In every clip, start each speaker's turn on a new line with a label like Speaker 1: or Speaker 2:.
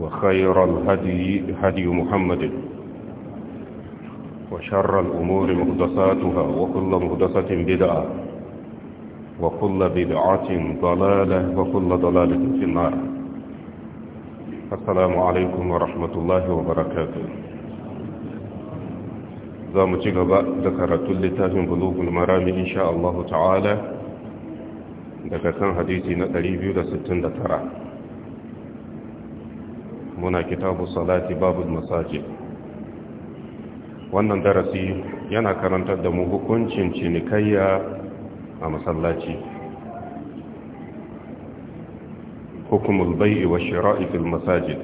Speaker 1: وخير الهدي هدي محمد وشر الأمور مهدساتها وكل مهدسة بدعة وكل بدعة ضلالة وكل ضلالة في النار السلام عليكم ورحمة الله وبركاته za mu ci gaba da karatun littafin bulugul marami insha Allah ta'ala daga kan hadisi na 269 muna kitabu salati babul masajid wannan darasi yana karantar da mu hukuncin cinikayya a masallaci hukumul bai'i wa shira'i fil masajid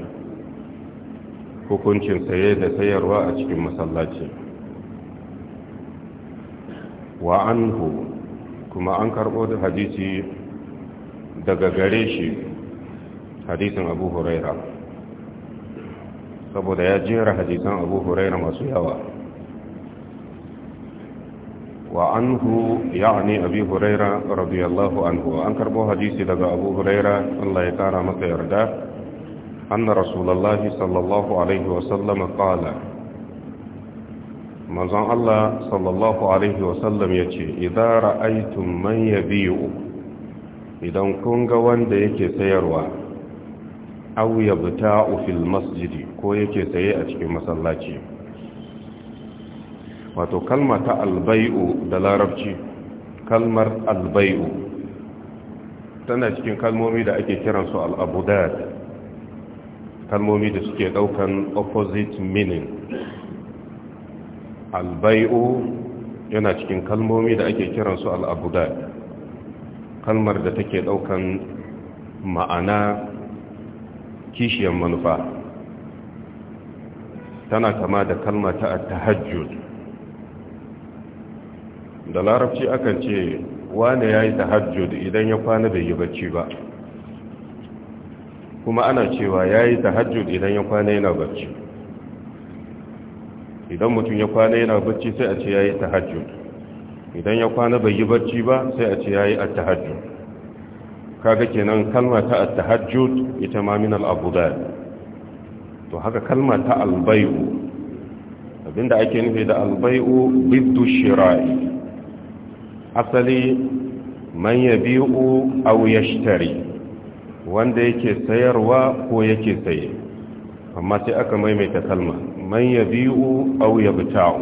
Speaker 1: hukuncin saye da sayarwa a cikin masallaci wa anhu kuma an karbo da hadisi daga gare shi hadisin abu huraira saboda ya jera hadisan abu huraira masu yawa wa ya ya'ni abu huraira radiyallahu anhu an karbo hadisi daga abu huraira Allah ya kara masa yarda anna rasulallah sallallahu alaihi wa sallam qala manzon Allah sallallahu alaihi wa sallam ce, idza ra'aytum man biyu, idan kun ga wanda yake sayarwa aw yabta'u fil masjidi ko yake saye a cikin masallaci wato kalma ta albai'u da larabci kalmar albai'u tana cikin kalmomi da ake kiransu al'abudad kalmomi da suke daukan opposite meaning albai'u yana cikin kalmomi da ake kiransu al'abudad kalmar da take daukan ma'ana Kishiyar manufa tana kama da kalma ta tahajjud da larabci akan ce wane ya yi tahajjud idan ya kwana bai yi bacci ba kuma ana cewa ya yi tahajjud idan ya kwana yana bacci idan mutum ya kwana yana bacci sai a ce ya yi tahajjud idan ya kwana bai yi bacci ba sai a ce ya yi tahajjud kaga kenan kalma ta at-tahajjud ita ma min al-abudad to haka kalma ta al-bai'u abinda ake nufi da al-bai'u biddu shira'i asali man yabi'u aw yashtari wanda yake sayarwa ko yake saye amma sai aka maimaita kalma man yabi'u aw yabta'u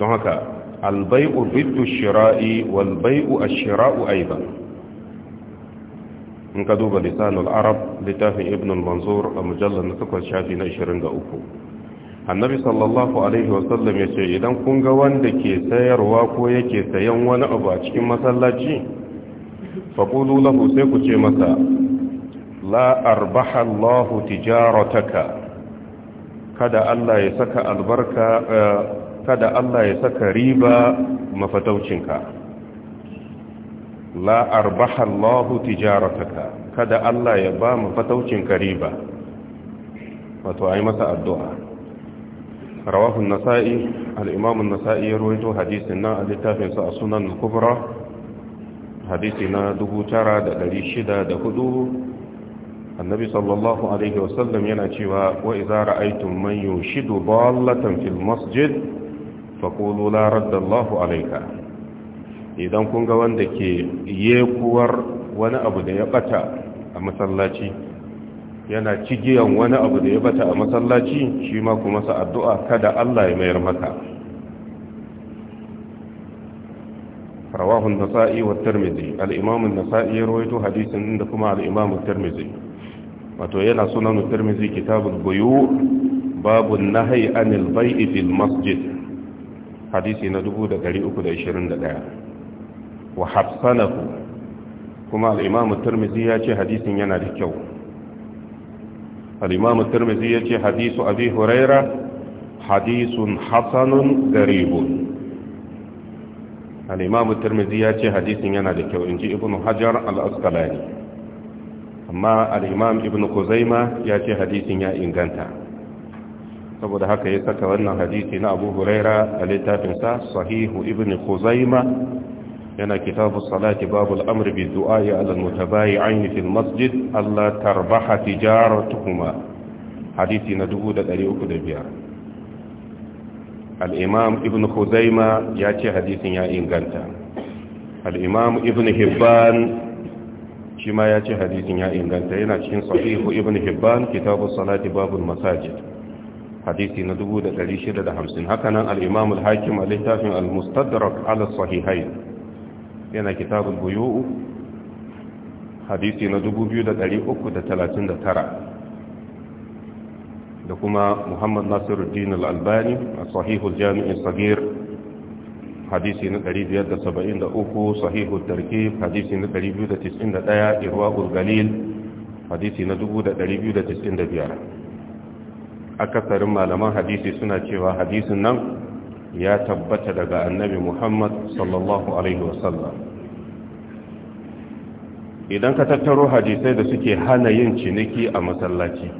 Speaker 1: don haka al-bai'u biddu shira'i wal bai'u ash-shira'u aidan in ka duba lisanul arab littafin ibn al-manzur a mujallar na takwas shafi na 23 annabi sallallahu alaihi wasallam ya ce idan kun ga wanda ke sayarwa ko yake sayan wani abu a cikin masallaci Faƙudu lahu sai ku ce masa la arbaha allahu tijarataka kada allah ya saka albarka eh, kada allah ya saka riba mafataucinka la arbaha Allahu tijarataka kada Allah ya ba mu fataucin kariba wato ayi masa addu'a rawahu an-nasa'i al-imam an-nasa'i ya hadisin nan a littafin sa sunan al-kubra hadisi na 9604 annabi sallallahu alaihi wasallam yana cewa wa idza ra'aytum man yushidu dallatan fil masjid faqulu la radda Allahu alayka idan kun ga wanda ke yekuwar wani abu da ya bata a masallaci yana cigiyan wani abu da ya bata a masallaci shi ma kuma sa addu'a kada Allah ya mayar maka rawahu an-nasa'i wa tirmidhi al-imam an-nasa'i rawaitu hadisin inda kuma al-imam at-tirmidhi wato yana sunan at-tirmidhi kitabul buyu babu an-nahyi anil bay'i fil masjid hadisi na 3321 wa hafsanahu kuma al'imamu turmizi ya ce hadisin yana da kyau al'imamu turmizi ya ce hadisu abi huraira hadisun hasanun garibun al'imamu turmizi ya ce hadisin yana da kyau in ji ibn hajjar al'askalani amma al'imam ibn kuzaima ya ce hadisin ya inganta saboda haka ya saka wannan hadisi na abu huraira a littafinsa sahihu ibn kuzaima yana kitabu salati babul amri bi du'a'i ala mutabayi'ain fil masjid Allah tarbaha tijaratuhuma Hadithi na 1305 al-imam ibn khuzaima ya ce hadithin ya inganta al ibn hibban shi ma ya ce hadithin ya inganta yana cikin sahihu ibn hibban kitabu salati babul masajid Hadithi na 1650 hakanan al-imam al-hakim a littafin al-mustadrak al sahihai yana kitabul buyu'u hadisi na 2339 da kuma Muhammad Nasiruddin al-Albani a sahihul jami'in sagir hadisi na 573 sahihul tarkib hadisi na 291 irwaqul galil hadisi na 2295 akasarin malaman hadisi suna cewa hadisin nan ya tabbata daga annabi Muhammad sallallahu alaihi wasallam idan ka tattaro hadisai da suke hana yin ciniki a masallaci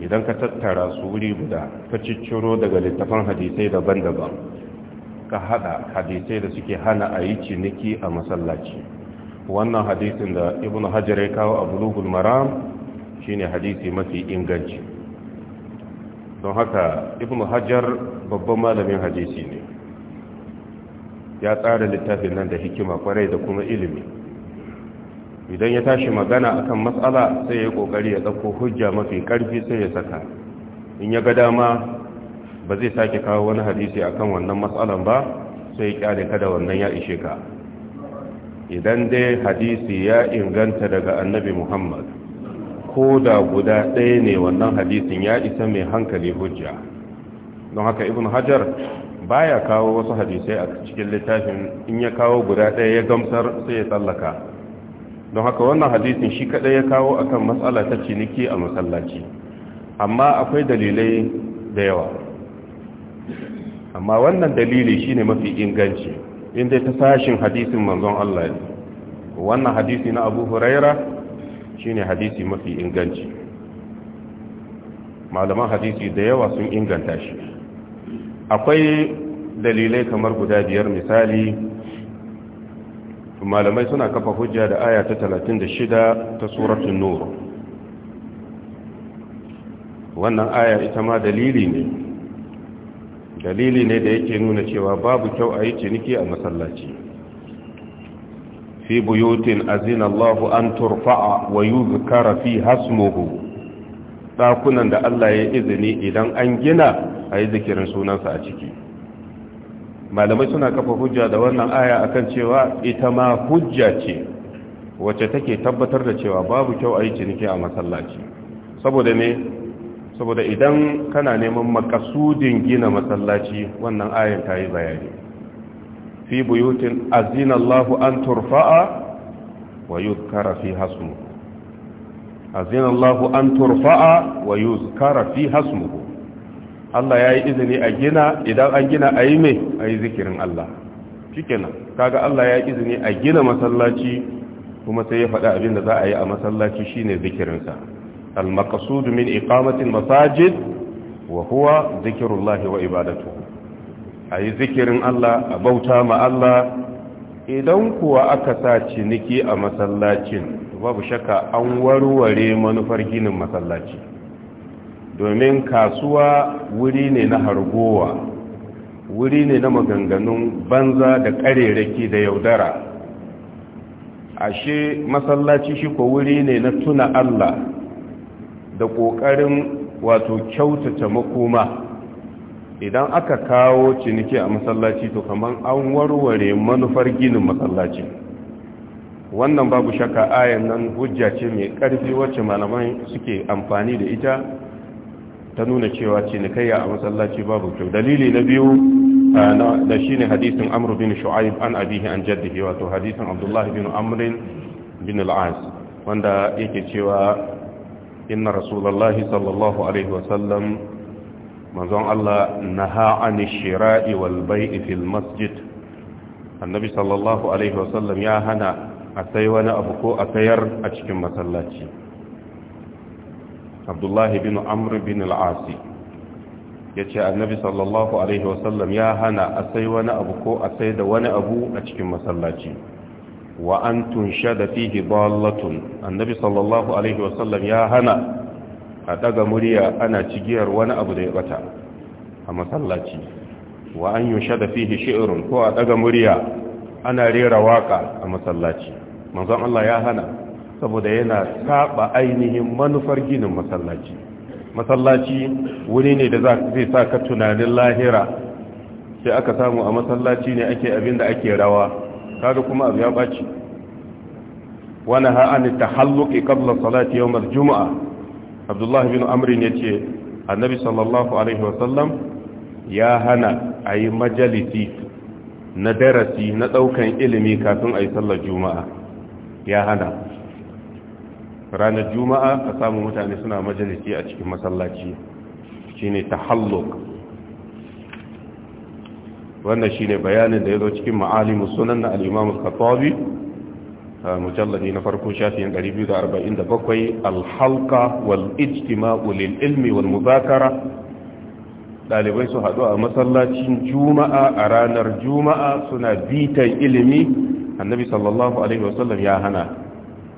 Speaker 1: idan ka tattara su wuri guda ka cicciro daga littafan hadisai daban-daban ka hada hadisai da suke hana a yi ciniki a masallaci wannan hadisin da ibn hajar ya kawo a bulugul maram shine hadisi mafi inganci don haka ibn hajjar babban malamin hadisi ne ya tsara littafin nan da hikima kwarai da kuma ilimi idan ya tashi magana akan matsala sai ya kokari ya dauko hujja mafi karfi sai ya saka in ya ga dama ba zai sake kawo wani hadisi akan wannan matsalan ba sai ya kyale kada wannan ya ishe ka idan dai hadisi ya inganta daga annabi muhammad ko da guda ɗaya ne wannan hadisin ya isa mai hankali hujja don haka ibn hajar baya kawo wasu hadisai a cikin littafin in ya kawo guda ɗaya ya gamsar sai ya tsallaka don haka wannan hadisin shi kaɗai ya kawo akan matsala ta ciniki a masallaci amma akwai dalilai da yawa amma wannan dalili ne mafi inganci inda ta sashin hadisin manzon Allah ne wannan hadisi na Abu Huraira shine hadisi mafi inganci malaman hadisi da yawa sun inganta shi akwai dalilai kamar guda biyar misali malamai suna kafa hujja da aya ta 36 ta suratun nuru wannan aya ita ma dalili ne dalili ne da yake nuna cewa babu kyau a yi ciniki a masallaci في بيوت أزين الله أن ترفع ويذكر فيها اسمه ɗakunan da Allah ya izini idan an gina a yi zikirin sunansa a ciki malamai suna kafa hujja da wannan aya akan cewa ita ma hujja ce wacce take tabbatar da cewa babu kyau a yi ciniki a masallaci saboda ne saboda idan kana neman makasudin gina masallaci wannan ayan ta yi bayani fi buyutin azina Allahu an turfa'a wa yuzkara fi hasmu azina Allahu an turfa'a wa yuzkara fi hasmu Allah ya yi izini a gina idan an gina a yi mai a yi zikirin Allah shikenan kaga Allah ya yi izini a gina masallaci kuma sai ya faɗi abin da za a yi a masallaci shine zikirinsa al-maqsud min iqamati al-masajid wa huwa zikrullahi wa ibadatuhu a yi zikirin Allah a bauta ma Allah idan kuwa aka sa ciniki a masallacin babu shaka an warware manufar ginin masallaci domin kasuwa wuri ne na hargowa wuri ne na maganganun banza da ƙarerake da yaudara ashe masallaci shi ko wuri ne na tuna Allah da ƙoƙarin wato kyautata makoma idan aka kawo ciniki a masallaci to kamar an warware manufar ginin masallaci wannan babu shakka ayan nan hujja ce mai ƙarfi wacce malaman suke amfani da ita ta nuna cewa cinikayya a masallaci babu kyau dalili na biyu da shi ne hadisin amur bin shu'aib an abihi an jaddihi wato hadisin abdullahi bin amrin bin al'as wanda yake cewa inna rasulallahi sallallahu alaihi wasallam manzon Allah na an shira'i wal bai'i fil masjid annabi sallallahu alaihi wasallam ya hana a sai wani abu ko a sayar a cikin masallaci abdullahi bin amr bin al'asi ya ce annabi sallallahu alaihi wasallam ya hana a sai wani abu ko a sai da wani abu a cikin masallaci wa an tunsha da fihi ballatun annabi sallallahu alaihi wasallam ya hana a daga murya ana cigiyar wani abu da ya bata a masallaci wa an yusha da fihi shi'run ko a daga murya ana rera waka a masallaci manzon Allah ya hana saboda yana saba ainihin manufar ginin masallaci masallaci wuri ne da zai sa ka tunanin lahira sai aka samu a masallaci ne ake abin da ake rawa kaga kuma abu ya baci wani ha'ani ta halluki kabla salati yawmar juma'a abdullahi bin amrin ya ce annabi sallallahu alaihi wasallam ya hana a yi majalisi na darasi na ɗaukan ilimi kafin a yi sallar juma'a ya hana ranar juma'a a samun mutane suna majalisi a cikin masallaci shine tahalluk wannan shine bayanin da ya zo cikin Ma'alimu sunan na al-imam mujalladi na farko shafin 247 alhalka wal ijtima'u lil ilmi wal muzakara dalibai su haɗu a masallacin juma'a a ranar juma'a suna bitan ilimi annabi sallallahu alaihi wasallam ya hana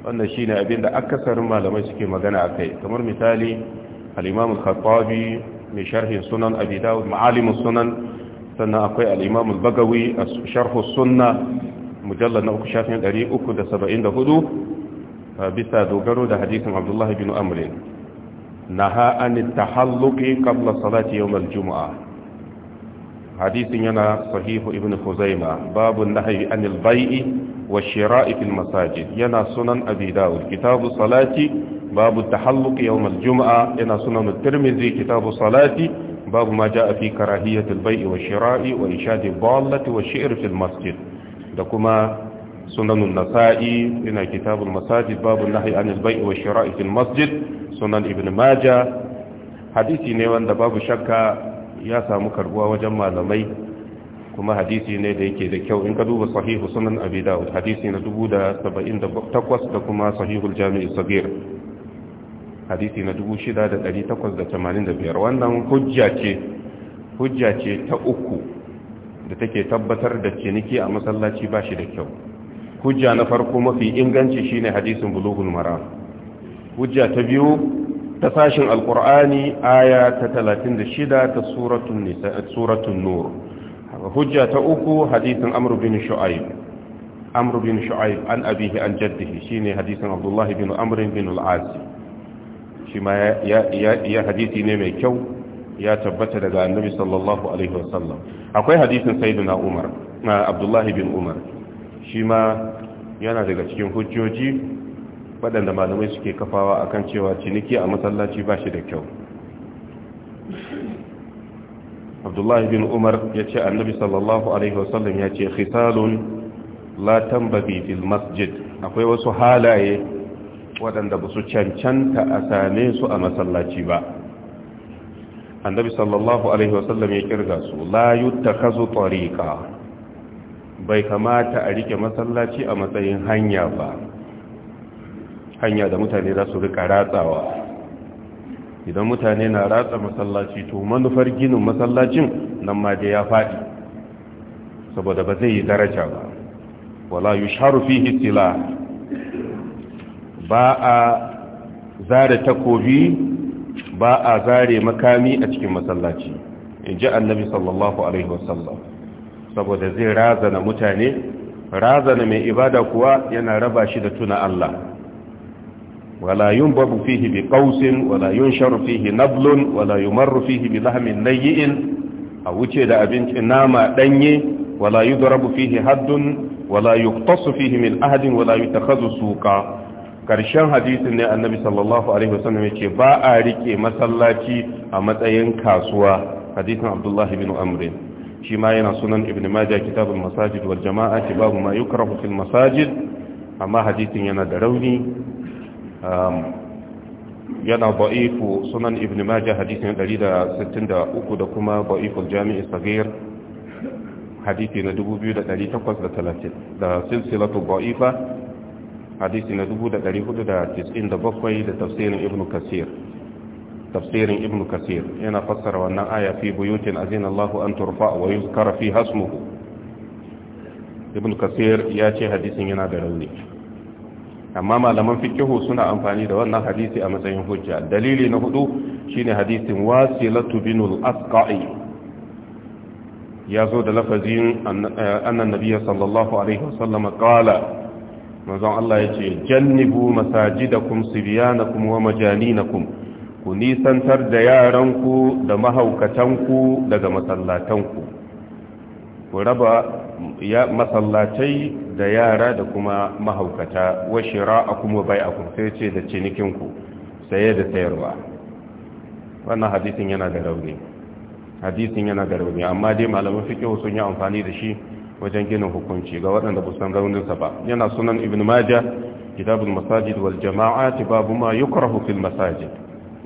Speaker 1: wannan shine abin da akasarin malamai suke magana akai kamar misali al-imam al-khattabi mai sharhin sunan abi dawud sunan sannan akwai al-imam al-bagawi a sharhu sunna. mujallar na uku shafin 374 bisa dogaro da hadisin abdullahi bin amurin naha an tahalluqi qabla salati yawm al-jum'a hadisin yana sahihu ibn khuzaima babu nahyi an al-bai'i wa shira'i fil masajid yana sunan abi dawud kitabu salati babu tahalluqi yawm al-jum'a yana sunan at-tirmidhi kitabu salati babu ma jaa fi karahiyati al-bai'i wa shira'i wa ishadi ad-dallati wa shi'r fil masjid da kuma sunanun nasa'i ina kitabul masajid babu nahi anil bai'i wa shira'i fil masjid sunan ibn majah hadisi ne wanda babu shakka ya samu karbuwa wajen malamai kuma hadisi ne da yake da kyau in ka duba sahihu sunan abi dawud hadisi na 1078 da kuma sahihul jami'i sagir hadisi na 6885 wannan hujja ce hujja ce ta uku da take tabbatar da ciniki a masallaci ba shi da kyau hujja na farko mafi inganci shine hadisin bulughul maram hujja ta biyu ta sashin alqur'ani aya ta 36 ta suratul nisa suratul nur hujja ta uku hadisin amr bin shu'aib amr bin shu'aib an abihi an jaddihi shine hadisin abdullah bin amr bin al-as shi ma ya ya hadisi ne mai kyau ya tabbata daga annabi sallallahu alaihi wasallam akwai hadisin sayyidina umar na abdullahi bin umar shima yana daga cikin hujjoji waɗanda malamai suke kafawa akan cewa ciniki a masallaci ba shi da kyau abdullahi bin umar ya ce annabi sallallahu alaihi wasallam ya ce khisalun la tambabi fil masjid akwai wasu halaye waɗanda ba su cancanta a same su a masallaci ba annabi sallallahu alaihi wasallam ya kirga su la yuttakazu tariqa bai kamata a rike masallaci a matsayin hanya ba hanya da mutane za su rika ratsawa idan mutane na ratsa masallaci to manufar ginin masallacin nan ma da ya faɗi saboda ba zai yi daraja ba wala yusharu fihi silah ba a zare takobi ba a zare makami a cikin masallaci in ji annabi sallallahu alaihi wasallam saboda zai razana mutane razana mai ibada kuwa yana raba shi da tuna Allah wala yunbabu fihi bi qausin wala yunsharu fihi nablun wala yumarru fihi bi lahmin layyin a wuce da abincin nama danye wala yudrabu fihi haddun wala yuqtasu fihi min ahadin wala yutakhadhu suqa karshen hadisin ne annabi sallallahu alaihi wasallam yace ba a rike masallaci a matsayin kasuwa hadisin abdullahi bin amr shi ma yana sunan ibn majah kitabul masajid wal jama'a babu ma yukrahu fil masajid amma hadisin yana da rauni um, yana ba'ifu sunan ibn majah hadisin 163 da kuma ba'iful jami'i sagir hadisi na 2830 da silsilatu ba'ifa hadisi na 497 da tafsirin ibn kasir tafsirin ibn kasir yana fassara wannan aya fi buyutin azina Allahu an turfa wa yuzkara fi hasmuhu ibn kasir ya ce hadisin yana da rauni amma malaman fikihu suna amfani da wannan hadisi a matsayin hujja dalili na hudu shine hadisin wasilatu binul asqa'i ya zo da lafazin annan eh, nabiyya sallallahu alaihi wasallam qala manzon Allah ya ce jannibu masajidakum sibyanakum wa majalinakum ku nisantar da yaranku da mahaukatanku daga masallatanku ku raba masallatai da yara da kuma mahaukata wa shira'akum wa bai'akum sai ce da cinikinku saye da sayarwa wannan hadisin yana da rauni hadisin yana da rauni amma dai malaman fiqh sun yi amfani da shi wajen ginin hukunci ga waɗanda ba san rauninsa ba yana sunan ibn maja kitabul masajid wal jama'ati babu ma yukrahu fil masajid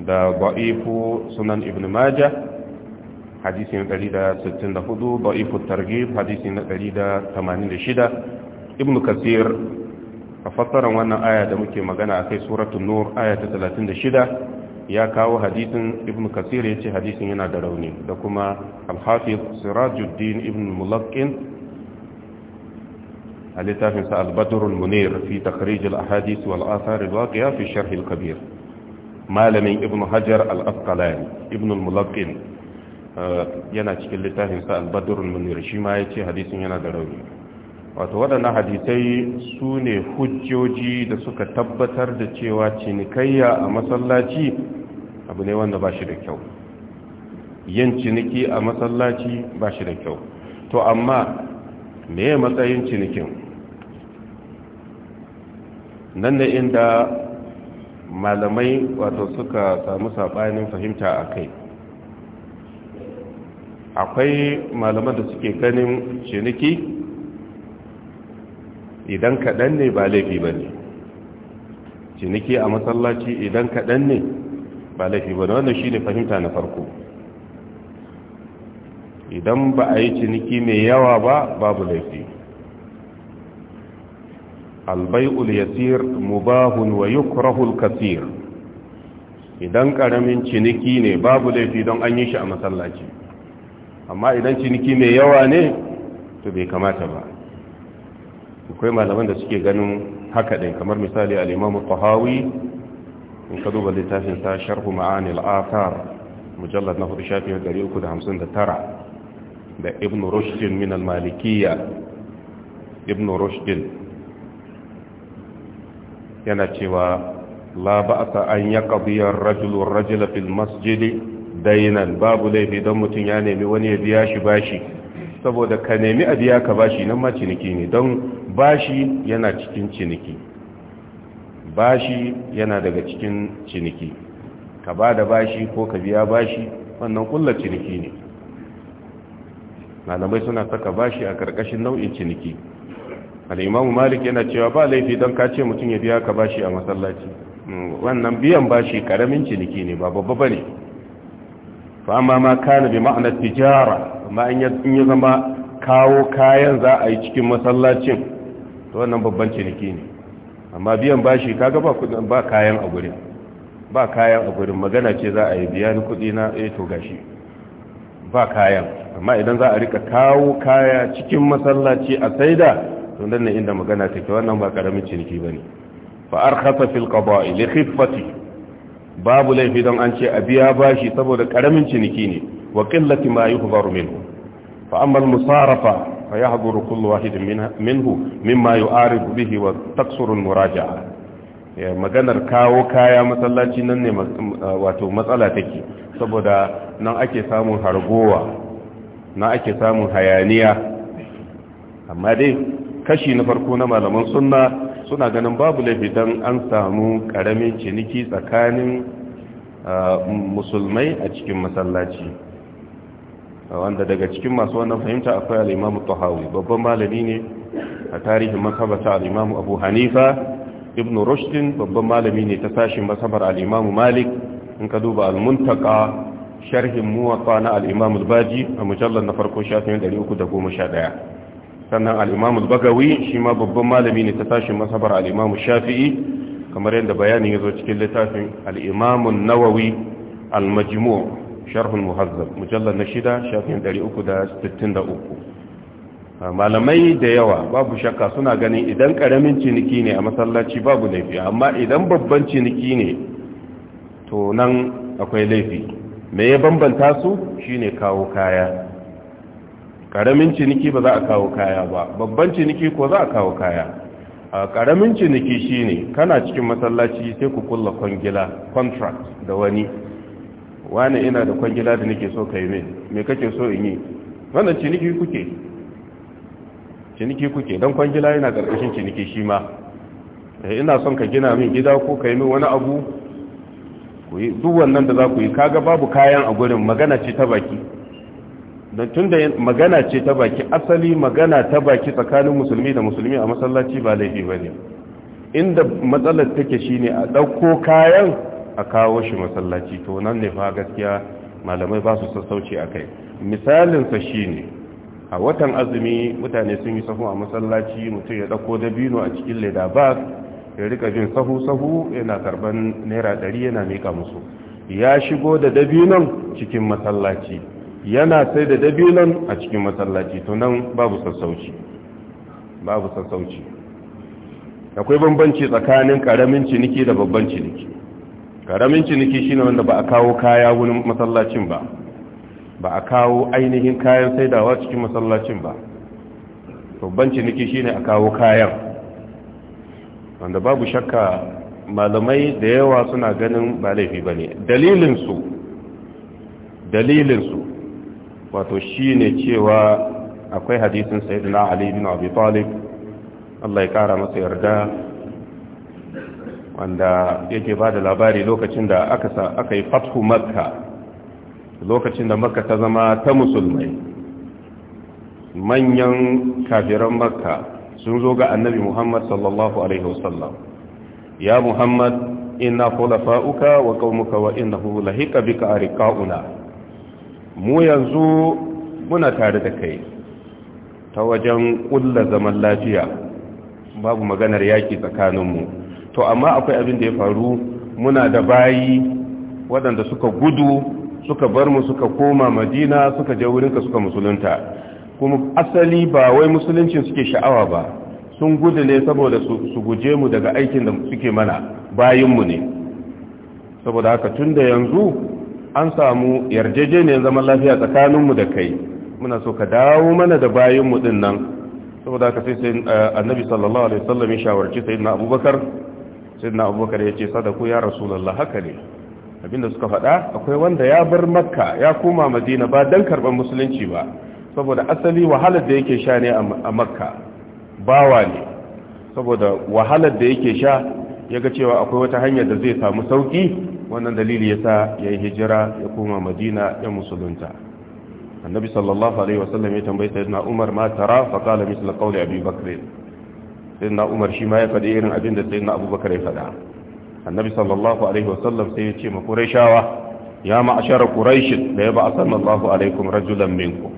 Speaker 1: da ba'ifu sunan ibn maja hadisi na 164 ba'ifu targhib hadisi na 186 ibn kasir a fassarar wannan aya da muke magana akai suratul nur aya ta 36 ya kawo hadisin ibn kasir ya ce hadisin yana da rauni da kuma alhafiz sirajuddin ibn mulakin a littafin sa al-badrul munir fi takhrij al-ahadith wal fi sharh kabir malamin ibnu hajar al-asqalani ibn uh, yana cikin littafin sa al-badrul munir shi yace hadisin yana da rauni wato waɗannan hadisai su ne hujjoji da suka tabbatar da cewa cinikayya a masallaci abu ne wanda ba shi da kyau yin ciniki a masallaci ba shi da kyau to amma me matsayin cinikin nan ne inda malamai wato suka samu saɓanin fahimta a kai akwai malaman da suke ganin ciniki idan kaɗan ne ba laifi ba ne ciniki a masallaci idan kaɗan ne ba laifi ba ne wannan shi ne fahimta na farko idan ba a yi ciniki mai yawa ba babu laifi albai'ul yasir mubahun wa yukrahul kasir idan karamin ciniki ne babu laifi don an yi shi a masallaci amma idan ciniki mai yawa ne to bai kamata ba akwai malaman da suke ganin haka ɗin kamar misali al'imamu tahawi in ka duba littafin sa sharhu ma'ani al'afar mujallar na hudu shafi 359 da ibn rushdin min al-malikiya ibn rushdin yana cewa la ba'sa an yaqdiya ar-rajulu ar-rajula fil masjid dainan babu laifi don mutum ya nemi wani ya biya shi bashi saboda ka nemi a biya ka bashi nan ma ciniki ne don bashi yana cikin ciniki bashi yana daga cikin ciniki ka ba da bashi ko ka biya bashi wannan kulla ciniki ne malamai suna saka bashi a ƙarƙashin nau'in ciniki al'imamu malik yana cewa ba laifi don ka ce mutum ya biya ka bashi a masallaci mm, wannan biyan bashi karamin ciniki ne ba babba ba ne fama ma kana bi ma'anar tijara amma in ya zama kawo kayan za a yi cikin masallacin to wannan babban ciniki ne amma biyan bashi kaga ba ba kayan a gurin ba kayan a gurin magana ce za a yi biya ni kuɗi na eh to gashi ba kayan amma idan za a rika kawo kaya cikin masallaci a saida don nan inda magana take wannan ba karamin ciniki bane fa arkhasa fil qada'i li khiffati babu laifi don an ce a biya bashi saboda karamin ciniki ne wa qillati ma yuhdaru minhu fa musarafa fa yahduru kullu wahidin minhu mimma yu'aridu bihi wa taksuru muraja muraja'a maganar kawo kaya masallaci nan ne wato matsala take saboda nan ake samun hargowa nan ake samun hayaniya amma dai kashi na farko na malaman sunna suna ganin babu laifi dan an samu karamin ciniki tsakanin ah, musulmai a cikin masallaci wanda daga cikin masu wannan fahimta akwai al'imamu tuhawi babban malami ne a tarihin masabata al'imamu abu hanifa ibn rushdin babban malami ne ta sashin masabar al'imamu malik in ka duba al-muntaka sharhin muwaka na al'imamu baji a mujallar na farko shafin 311 sannan al'imamu bagawi shi ma babban malami ne ta tashin masabar al'imamu shafi'i kamar yadda bayanin ya zo cikin littafin al’imamu nawawi al majimu sharhun muhazzab mujallar na shida shafin 363 ah, malamai da yawa babu shakka suna ganin idan karamin ciniki ne a masallaci babu laifi amma idan babban ciniki ne to nan akwai laifi me ya bambanta su shine kawo kaya karamin ciniki ba za a kawo kaya ba babban ciniki ko za a kawo kaya A karamin ciniki shine kana cikin masallaci sai ku kulla kwangila contract da wani wani ina da kwangila da nake so ka yi min me kake so in yi wannan ciniki kuke ciniki kuke don kwangila yana karkashin ciniki shi ma eh, ina son ka gina min gida ko ka yi min wani abu duk wannan da za ku yi kaga babu kayan a gurin magana ce ta baki don tun da magana ce ta baki asali magana ta baki tsakanin musulmi da musulmi a masallaci ba laifi ba ne inda matsalar take ne a ɗauko kayan a kawo shi masallaci to nan ne fa gaskiya malamai ba su sassauci a kai misalinsa ne, a watan azumi mutane sun yi sahu a masallaci mutum ya ɗauko dabino a cikin leda ba ya rika bin sahu-sahu yana karban naira ɗari yana miƙa musu ya shigo da dabinon cikin masallaci yana sai da dabilon a cikin masallaci to nan babu sassauci babu sassauci akwai bambanci tsakanin karamin ciniki da babban ciniki karamin ciniki shine wanda ba a kawo kaya wurin masallacin ba ba a kawo ainihin kayan saidawa cikin masallacin ba babban ciniki shine a kawo kayan wanda babu shakka malamai da yawa suna ganin ba laifi ba ne dalilinsu dalilinsu wato shine cewa akwai hadisin sayyidina ali bin abi talib Allah ya kara masa yarda wanda yake bada labari lokacin da aka yi fathu makka lokacin da makka ta zama ta musulmai manyan kafiran makka sun zo ga annabi muhammad sallallahu alaihi wasallam ya muhammad ina khulafa'uka wa qaumuka wa innahu lahiqa bika ariqauna mu yanzu muna tare da kai ta wajen ƙulla zaman lafiya babu maganar yaƙi tsakaninmu to amma akwai abin da ya faru muna da bayi waɗanda suka gudu suka bar mu suka koma madina suka je wurinka suka musulunta kuma asali ba wai musuluncin suke sha'awa ba sun gudu ne saboda su guje mu daga aikin da suke mana bayinmu ne saboda haka tun da yanzu an samu yarjejeniyar zaman lafiya tsakaninmu da kai muna so ka dawo mana da bayanmu din nan saboda ka sai eh, annabi sallallahu alaihi wasallam ya shawarci sayyidina abubakar sayyidina abubakar ya ce sadaku ya rasulullah haka ne abinda suka faɗa akwai wanda ya bar makka ya koma madina ba dan karban musulunci ba saboda asali wahalar da yake sha ne a makka bawa ne saboda wahalar da yake sha ya ga cewa akwai wata hanyar da zai samu sauki wannan dalili sa ya yi hijira ya koma madina ya musulunta annabi sallallahu alaihi wasallam ya tambayi sayyidina umar ma tara fa qala misla qawli abi bakr sayyidina umar shi ma ya faɗi irin abin da sayyidina abubakar ya faɗa annabi sallallahu alaihi wasallam sai ya ce ma qurayshawa ya ma'ashara quraish da ya ba'a sallallahu alaikum rajulan minkum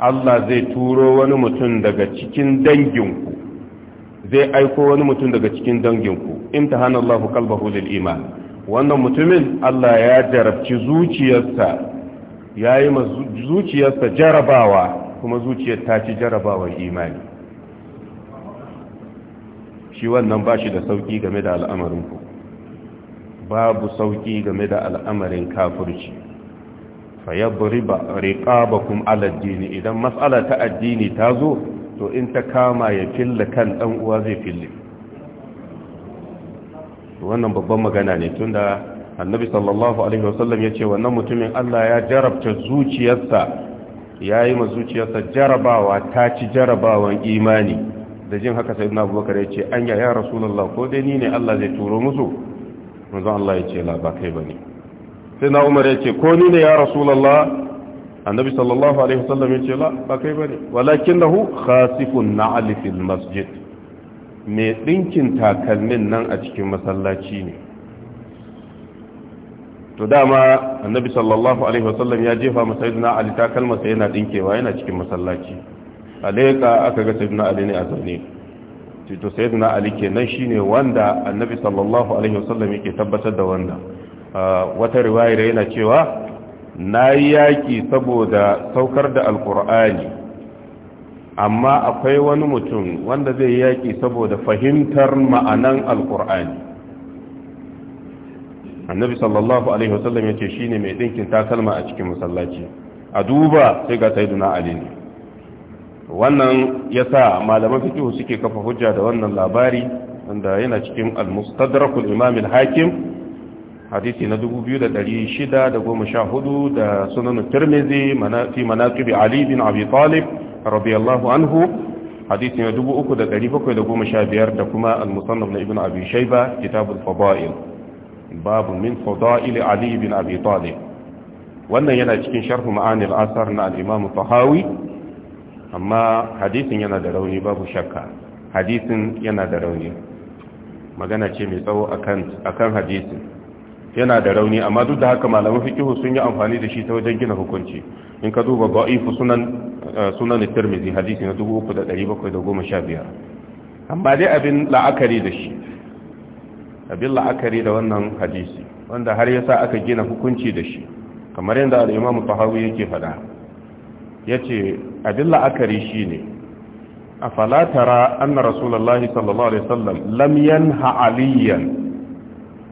Speaker 1: Allah zai turo wani mutum daga cikin danginku zai aiko wani mutum daga cikin danginku imtahana Allahu qalbahu lil iman wannan mutumin Allah ya jarabci zuciyarsa ya yi zuciyarsa jarabawa kuma zuciyar ta ci jarabawar imani shi wannan ba shi da sauƙi game da al'amarinku babu sauƙi game da al'amarin kafurci. fayabbari ba riƙa ba kuma aladdini idan matsala ta addini ta zo to in ta kama ya fille kan ɗan uwa zai fille wannan babban magana ne tunda annabi sallallahu alaihi wasallam ce wannan mutumin Allah ya jarabta zuciyarsa ya yi ma zuciyarsa jarabawa ta ci jarabawan imani da jin haka sai Ibn Abubakar ce anya ya rasulullah ko dai ni ne Allah zai turo musu manzo Allah ya ce la ba kai bane sai na Umar ya ce ko ni ne ya rasulullah annabi sallallahu alaihi wasallam ce la ba kai bane walakinahu khasifun na'al fil masjid mai ɗinkin takalmin nan a cikin masallaci ne to dama annabi sallallahu alaihi wasallam ya jefa masayidina ali takalmasa yana ɗinkewa yana cikin masallaci alaika aka ga sayidina ali ne a zaune to sayidina ali ke shi shine wanda annabi sallallahu alaihi wasallam yake tabbatar da wanda wata riwayar yana cewa na yi yaƙi saboda saukar da alƙur'ani amma akwai wani mutum wanda zai yaƙi saboda fahimtar ma'anan alkur'ani annabi sallallahu alaihi wasallam ya ce shi ne mai ɗinkin takalma a cikin masallaci a duba sai ga sai duna ali ne wannan ya sa malaman fikihu suke kafa hujja da wannan labari wanda yana cikin al-mustadrakul imam hakim hadisi na 2614 da sunan tirmidhi fi manaqib ali bin abi talib radiyallahu anhu hadisi ya dubu uku da ɗari bakwai da goma sha biyar da kuma al-musannaf na ibn abi shaiba kitabul fada'il babu min fada'il ali ibin abi wannan yana cikin sharhu ma'anil asar na al-imam amma hadisin yana da rauni babu shakka hadisin yana da rauni magana ce mai tsawo akan akan hadisin yana da rauni amma duk da haka malaman fikihu sun yi amfani da shi ta wajen gina hukunci in ka duba ba'ifu sunan eh, sunan tirmidhi hadisi na 3715 amma dai abin la'akari da shi abin la'akari da wannan hadisi wanda har yasa aka gina hukunci da shi kamar yadda al-imam tahawi yake fada yace abin la'akari shine afala tara anna rasulullahi sallallahu alaihi wasallam lam yanha aliyan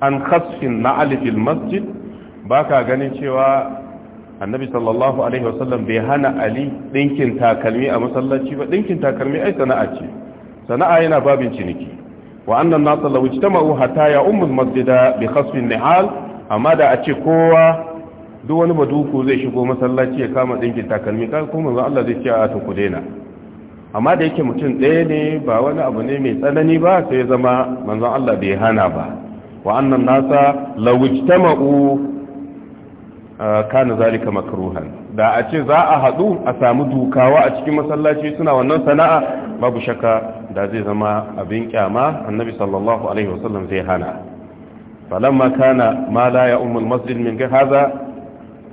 Speaker 1: an khasfin na fil masjid baka ganin cewa annabi sallallahu alaihi wasallam bai hana ali dinkin takalmi a masallaci ba dinkin takalmi ai sana'a ce sana'a yana babin ciniki wa annan nasa ta ma'u hatta ya ummul masjida bi khasfin nihal amma da a ce kowa duk wani maduku zai shigo masallaci ya kama dinkin takalmi ka kuma manzo Allah zai ce a ta ku daina amma da yake mutum ɗaya ne ba wani abu ne mai tsanani ba sai zama manzon Allah bai hana ba wa annan nasa lawijtama'u ah, kana zalika makruhan da a ce za a hadu a samu dukawa a cikin masallaci suna wannan sana'a babu shakka da zai zama abin kyama annabi sallallahu alaihi wasallam zai hana falamma kana ma la ya ummul masjid min hadha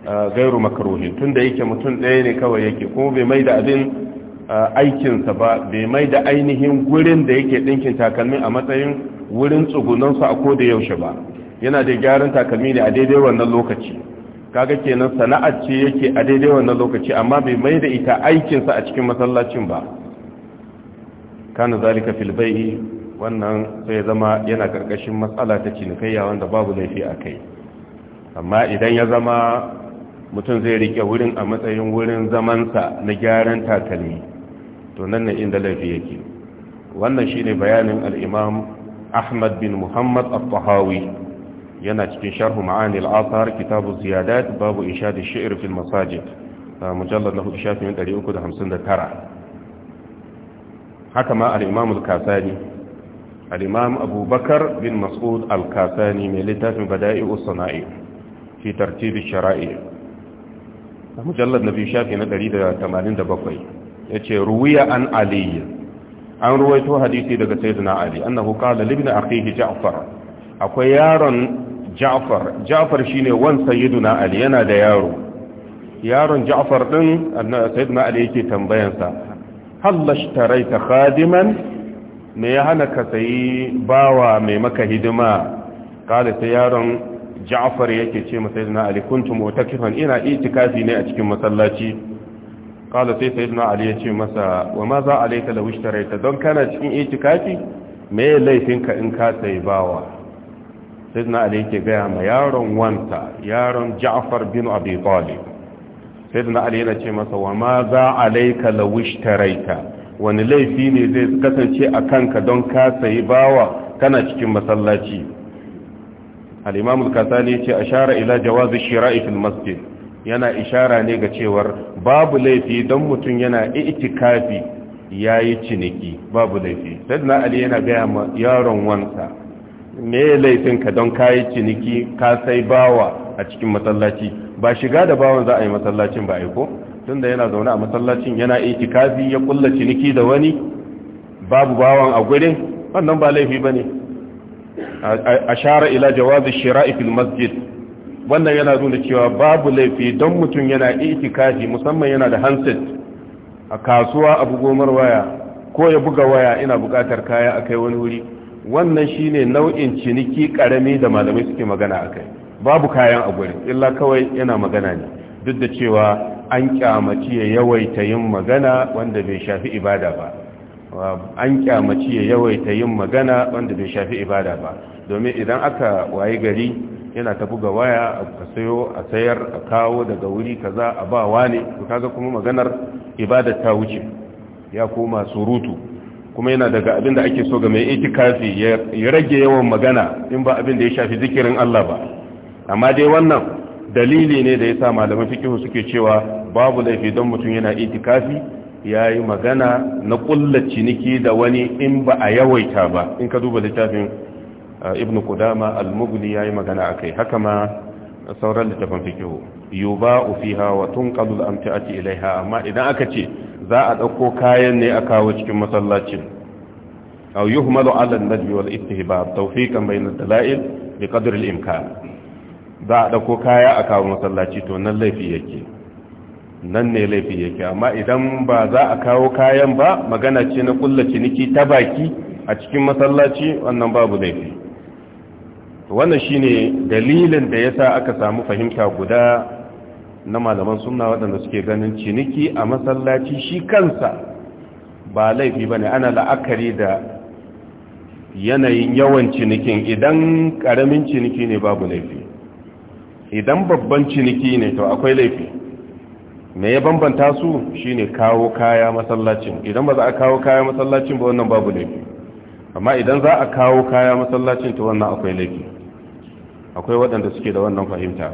Speaker 1: ah, gairu makruhin tunda yake mutum ɗaya ne kawai yake kuma bai mai da abin ah, aikinsa ba bai mai da ainihin gurin da yake ɗinkin takalmin a matsayin wurin tsugunansa a koda yaushe ba yana da gyaran takalmi ne a daidai wannan lokaci kaga kenan sana'ar ce yake a daidai wannan lokaci amma bai mai da ita aikinsa a cikin masallacin ba kana zalika fil bai, wannan sai zama yana karkashin matsala ta cinikayya wanda babu laifi a kai amma idan ya zama mutum zai rike wurin a matsayin wurin zamansa na gyaran takalmi to nan ne inda laifi yake wannan shine bayanin al-imam أحمد بن محمد الطحاوي ينتج شرح معاني الآثار كتاب الزيادات باب إشاد الشعر في المساجد آه، مجلد له إشاد من ألي أكد حمسند ترى حكم الإمام الكاساني الإمام أبو بكر بن مسعود الكاساني من لتاف بدائع الصنائي في ترتيب الشرائع مجلد نبي شافي ندري دا تمانين دا بقي يتشي روية عن علي an ruwaito hadisi daga sayyidina ali annahu qala li ibn akhihi ja'far akwai yaron ja'far ja'far shine wan sayyidina ali yana da yaro yaron ja'far din sayyidina ali yake tambayan sa hallashtaraita khadiman me ya hana ka sayi bawa mai maka hidima qala sai yaron ja'far yake ce masa sayyidina ali kuntum mutakifan ina itikafi ne a cikin masallaci qala sai sayyidina ali ya ce masa wa ma za alayka law ishtaraita don kana cikin itikafi me laifin ka in ka sayi bawa sayyidina ali yake ga ma yaron wanta yaron ja'far bin abi talib sayyidina ali yana ce masa wa ma za alayka law ishtaraita wani laifi ne zai kasance a kanka don ka sayi bawa kana cikin masallaci al-imam al-kasani yace ashara ila jawazi shira'i fil masjid yana ishara ne ga cewar babu laifi don mutum yana itikafi ya yi ciniki babu laifi da ali yana gaya ma yaron wansa me laifinka don ka yi ciniki ka sai bawa a cikin masallaci ba shiga da bawan za a yi masallacin ba aiko tun da yana zaune a masallacin yana itikafi ya kulla ciniki da wani babu bawan a gudun wannan ba laifi ba ne a shara ila jawazi shira'i fil masjid wannan yana nuna cewa babu laifi don mutum yana itikafi musamman yana da hanset a kasuwa a bugomar waya ko ya buga waya ina bukatar kaya a kai wani wuri wannan shine nau'in ciniki karami da malamai suke magana a kai babu kayan a gurin illa kawai yana magana ne duk da cewa an kyamaci ya yawaita yin magana wanda bai shafi ibada ba an kyamaci ya yawaita yin magana wanda bai shafi ibada ba domin idan aka wayi gari yana tafi ga waya a sayo a sayar a kawo daga wuri kaza a ba wane kaga kuma maganar ibada ta wuce ya koma surutu kuma yana daga abin da ake so ga mai itikafi ya rage yawan magana in ba abin da ya shafi zikirin Allah ba amma dai wannan dalili ne da ya sa malaman fikihu suke cewa babu laifi don mutum yana itikafi ya yi magana na kulla ciniki da wani in ba a yawaita ba in ka duba littafin Eh, ibn kudama al ya yayi magana akai haka ma sauran littafin fikihu yuba'u fiha wa tunqalu al-amti'ati ilaiha amma idan aka ce za a dauko kayan ne a kawo cikin masallacin aw yuhmalu 'ala an-najm wal istihbab tawfiqan bayna ad-dala'il bi qadri al-imkan za a dauko kaya a kawo masallaci to nan laifi yake nan ne laifi yake amma idan ba za a kawo kayan ba magana ce na kullace niki ta baki a cikin masallaci wannan babu laifi wannan shi ne dalilin da ya sa aka samu fahimta guda na malaman suna waɗanda suke ganin ciniki a masallaci shi kansa ba laifi ba ne. ana la'akari da yanayin yawan cinikin idan ƙaramin ciniki ne babu laifi idan babban ciniki ne to akwai laifi me ya bambanta su shi ne kawo kaya masallacin idan ba za a kawo kaya masallacin ba wannan babu laifi amma idan za a kawo kaya masallacin to wannan akwai laifi akwai waɗanda suke da wannan fahimta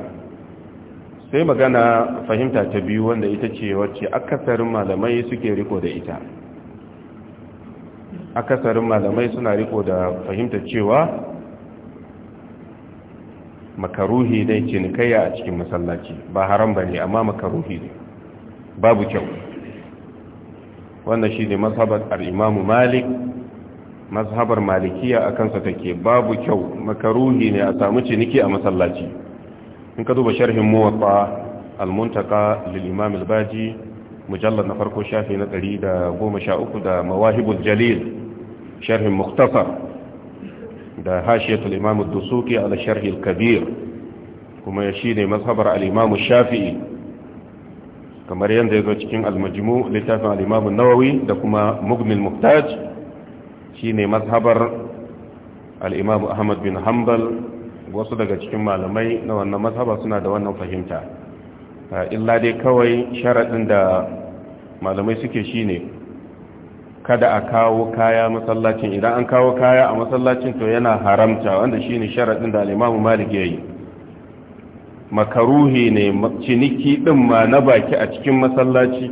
Speaker 1: sai magana fahimta ta biyu wanda ita ce wacce akasarin malamai suke riko da ita akasarin malamai suna riko da fahimta cewa makaruhi dai ni cinikayya a cikin masallaci ba haram ba ne amma makaruhi ne babu kyau wannan shi ne masabar imamu malik mazhabar malikiya a kansa take babu kyau makaruhi ne a samu ciniki a masallaci in ka duba sharhin muwatsa almuntaka lil-imam al-baji mujallad na farko shafi na 113 da mawahibul jalil sharhin mukhtasar da hashiyatul imam ad-dusuki ala sharh al-kabir kuma shi ne mazhabar al-imam shafi'i kamar yanda yazo cikin al-majmu' littafin al an-nawawi da kuma mughnil muhtaj shine mazhabar al’imamu Ahmad bin Hanbal wasu daga cikin malamai na wannan mazhabar suna da wannan fahimta ah, illa dai kawai sharaɗin da malamai suke shine kada a kawo kaya masallacin idan an kawo kaya a masallacin to yana haramta wanda shine sharaɗin da al’imamu malik ya yi. makaruhi ne ciniki ɗin ma na baki a cikin masallaci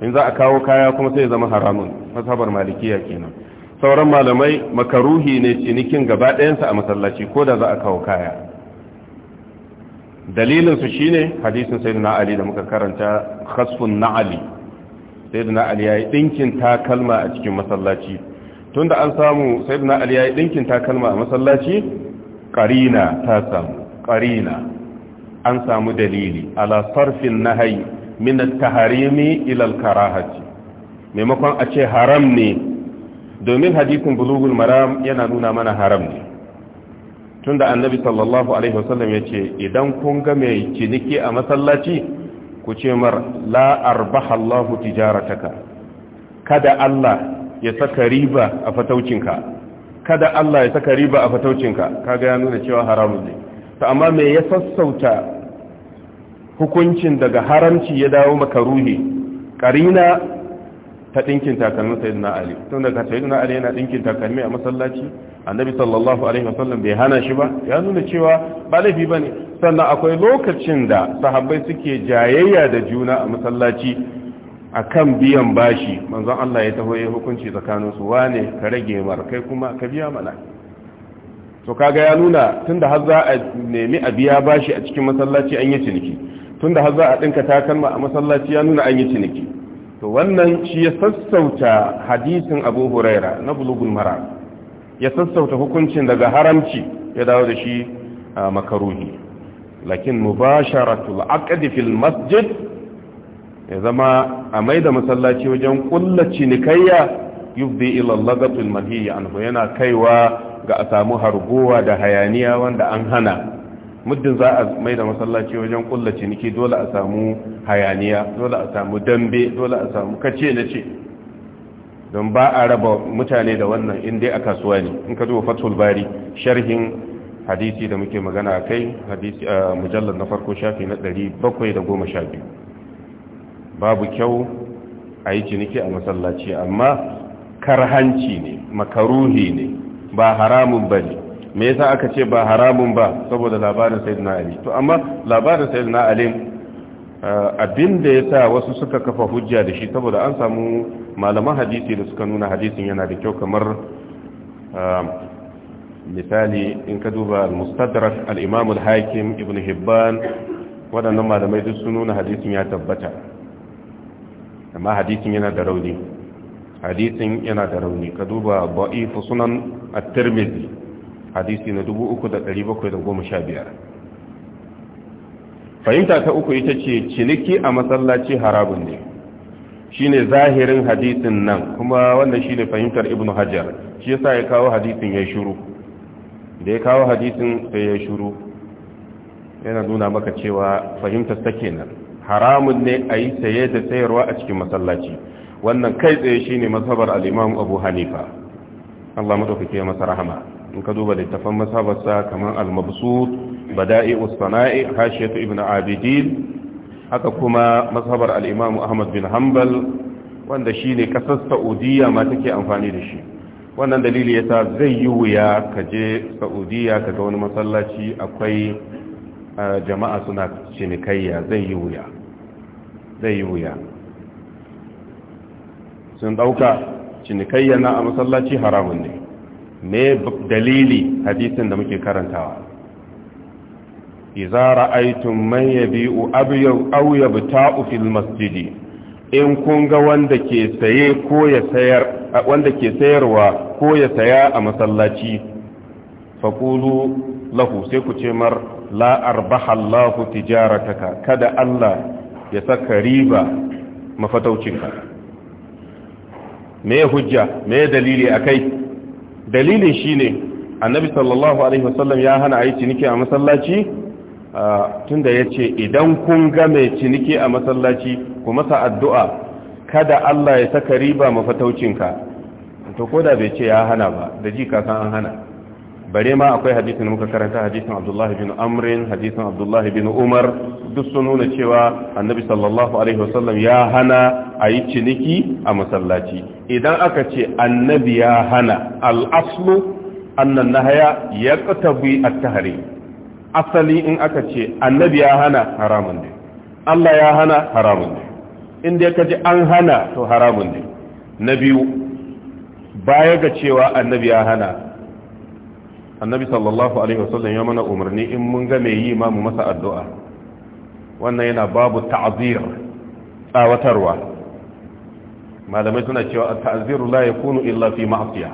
Speaker 1: in za a kawo kaya kuma sai zama haramun masabar malikiya kenan sauran malamai makaruhi ne cinikin gaba ɗayansa a masallaci ko da za a kawo kaya dalilinsu shi ne hadisin sai na ali da muka karanta hasfun na ali sai na ali ya yi ɗinkin takalma a cikin masallaci tun an samu sai na ali ya yi ɗinkin takalma a masallaci ƙarina ta samu ƙarina an samu dalili ala sarfin nahayi min at-tahrimi ila al-karahati maimakon a ce haram ne domin hadisin bulugul maram yana nuna mana haram ne tunda annabi sallallahu alaihi wasallam ya ce idan kun ga mai ciniki a masallaci ku ce mar la arbaha Allahu tijarataka kada Allah ya saka riba a fataucinka kada Allah ya saka riba a fataucinka kaga ya nuna cewa haramun ne to amma me ya sassauta hukuncin daga haramci ya dawo maka ruhi karina ta dinkin takalmin sayyidina ali tun daga sayyidina ali yana dinkin takalmi a masallaci annabi sallallahu alaihi wasallam bai hana shi ba ya nuna cewa ba laifi bane sannan akwai lokacin da sahabbai suke jayayya da juna a masallaci akan biyan bashi manzon Allah ya taho ya hukunci tsakanin su wane ka rage mar kai kuma ka biya mana to kaga ya nuna tunda har za a nemi a biya bashi a cikin masallaci an yi ciniki tunda har za a dinka takalma a masallaci ya nuna an yi ciniki to wannan shi ya sassauta hadisin abu huraira na bulugun mara ya sassauta hukuncin daga haramci ya dawo da shi a makaruhi lakin mubasharatul aqd fil masjid ya zama a maida masallaci wajen kulla cinikayya yubdi ila lagatul manhiya anhu yana kaiwa ga a samu harguwa da hayaniya wanda an hana muddin za a mai da masallaci wajen kulla ciniki dole a samu hayaniya dole a samu dambe dole a samu kace na ce don ba a raba mutane da wannan inda a kasuwa ne in ka zuwa fatul bari sharhin hadisi da muke magana a kai hadisi a mujallar na farko shafi na 712 babu kyau a yi ciniki a masallaci amma karhanci ne makaruhi ne ba haramun bane me yasa aka ce ba haramun ba saboda labarin sayyidina ali to amma labarin sayyidina ali eh, abinda yasa wasu suka kafa hujja da shi saboda an samu malaman hadisi da suka nuna hadisin yana da kyau kamar eh, misali in ka duba al-mustadrak al-imam al-hakim ibn hibban waɗannan malamai duk sun nuna hadisin ya tabbata amma hadisin yana da rauni hadisin yana da rauni ka duba ba'ifu sunan at-tirmidhi hadisi na 3715 fahimta ta uku ita ce ciniki a masallaci harabun ne shine zahirin hadisin nan kuma wannan shine fahimtar ibnu hajjar shi yasa ya kawo hadisin ya shuru da ya kawo hadisin sai ya shuru yana nuna maka cewa fahimtar ta kenan haramun ne a yi saye da sayarwa a cikin masallaci wannan kai tsaye shine ne matsabar al'imam abu hanifa Allah ke masa rahama in ka duba littafan masabarsa kamar al-mabsut bada'i sana'i hashiyatu ibn abidin haka kuma masabar al-imam ahmad bin hanbal wanda shine kasar saudiya ma take amfani da shi wannan dalili yasa zai yi wuya ka je saudiya ka ga wani masallaci akwai jama'a suna cinikayya zai yi wuya zai yi wuya sun dauka cinikayya na a masallaci haramun ne me dalili hadisin da muke karantawa iza ra'aytum man yabi'u abyaw aw yabta'u fil masjid in kun ga wanda ke saye ko ya sayar wanda ke sayarwa ko ya saya a masallaci faqulu lahu sai ku ce mar la arbaha Allahu tijarataka kada Allah ya saka riba mafataucinka me hujja me dalili akai dalilin shi shine annabi sallallahu alaihi wasallam ya hana a yi ciniki a masallaci ah, tunda ce idan kun ga mai ciniki a masallaci ku masa addu'a kada Allah ya saka riba mafataucinka to koda bai ce ya hana ba da ji kasan an hana bare ma akwai hadisin da muka karanta hadisin abdullahi bin amrin hadisin abdullahi bin umar duk sun nuna cewa annabi sallallahu alaihi wasallam ya hana a yi ciniki a masallaci idan aka ce annabi ya hana al'aslu annan nahaya ya katabi a tahari asali in aka ce annabi ya hana haramun ne allah ya hana haramun ne in dai ka ji an hana to haramun ne na biyu baya ga cewa annabi ya hana annabi sallallahu alaihi wasallam ya mana umarni in mun ga mai yi ma mu masa addu'a wannan yana babu ta'zir tsawatarwa malamai suna cewa ta'ziru la yakunu illa fi ma'siya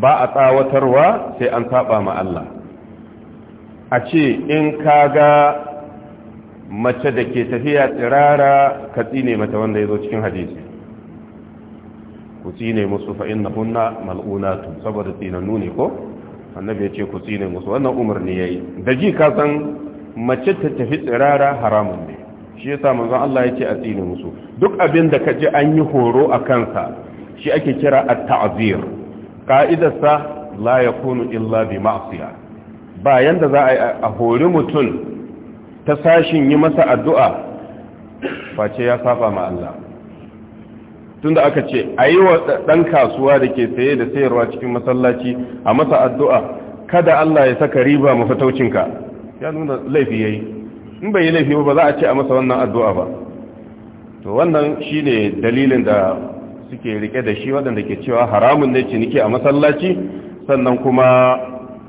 Speaker 1: ba a tsawatarwa sai an saba ma Allah a ce in kaga mace da ke tafiya tsirara ka tsine mata wanda ya zo cikin hadisi ku tsine musu fa'in na hunna mal'unatu saboda tsinannu ne ko annabi ya ce ku tsine musu wannan umarni yayi da ji ka san mace ta tafi tsirara haramun ne shi yasa manzon Allah ya ce a tsine musu duk abin da ka je an yi horo a kansa shi ake kira at-ta'zir ka'idarsa la yakunu illa bi ma'siya ba yanda za a a hori mutum ta sashin yi masa addu'a face ya saba ma Allah tunda aka ce a yi wa ɗan kasuwa da ke saye da sayarwa cikin masallaci a masa addu'a kada Allah ya saka riba mafataucinka ya nuna laifi ya yi in bai yi laifi ba za a ce a masa wannan addu'a ba to wannan shi ne dalilin da suke rike da shi waɗanda ke cewa haramun ne ciniki a masallaci sannan kuma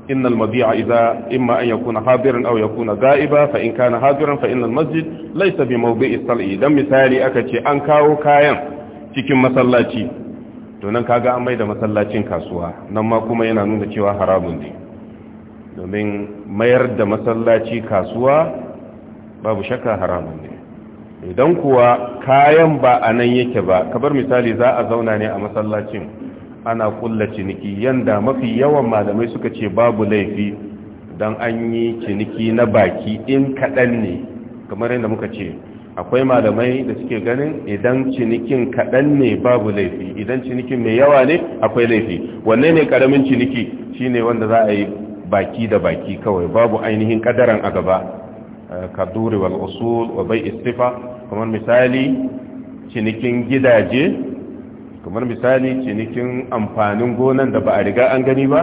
Speaker 1: innal mabi'a idza imma an yakuna hadiran aw yakuna ga'iba fa in kana hadiran fa innal masjid laysa bi mawdi'i sal'i dan misali aka ce an kawo kayan cikin masallaci to nan kaga an mai da masallacin kasuwa nan ma kuma yana nuna cewa haramun ne domin mayar da masallaci kasuwa babu shakka haramun ne idan kuwa kayan ba a nan yake ba kabar misali za a zauna ne a masallacin ana kulla ciniki yanda mafi yawan malamai suka ce babu laifi don an yi ciniki na baki in kaɗan ne kamar yadda muka ce akwai malamai da suke ganin idan cinikin kaɗan ne babu laifi idan cinikin mai yawa ne akwai laifi wanne ne ƙaramin ciniki shine wanda za a yi baki da baki kawai babu ainihin kadaran a gaba eh, kaduri wal usul wa bai istifa kamar misali cinikin gidaje kamar misali cinikin amfanin gonan da ba a riga an gani ba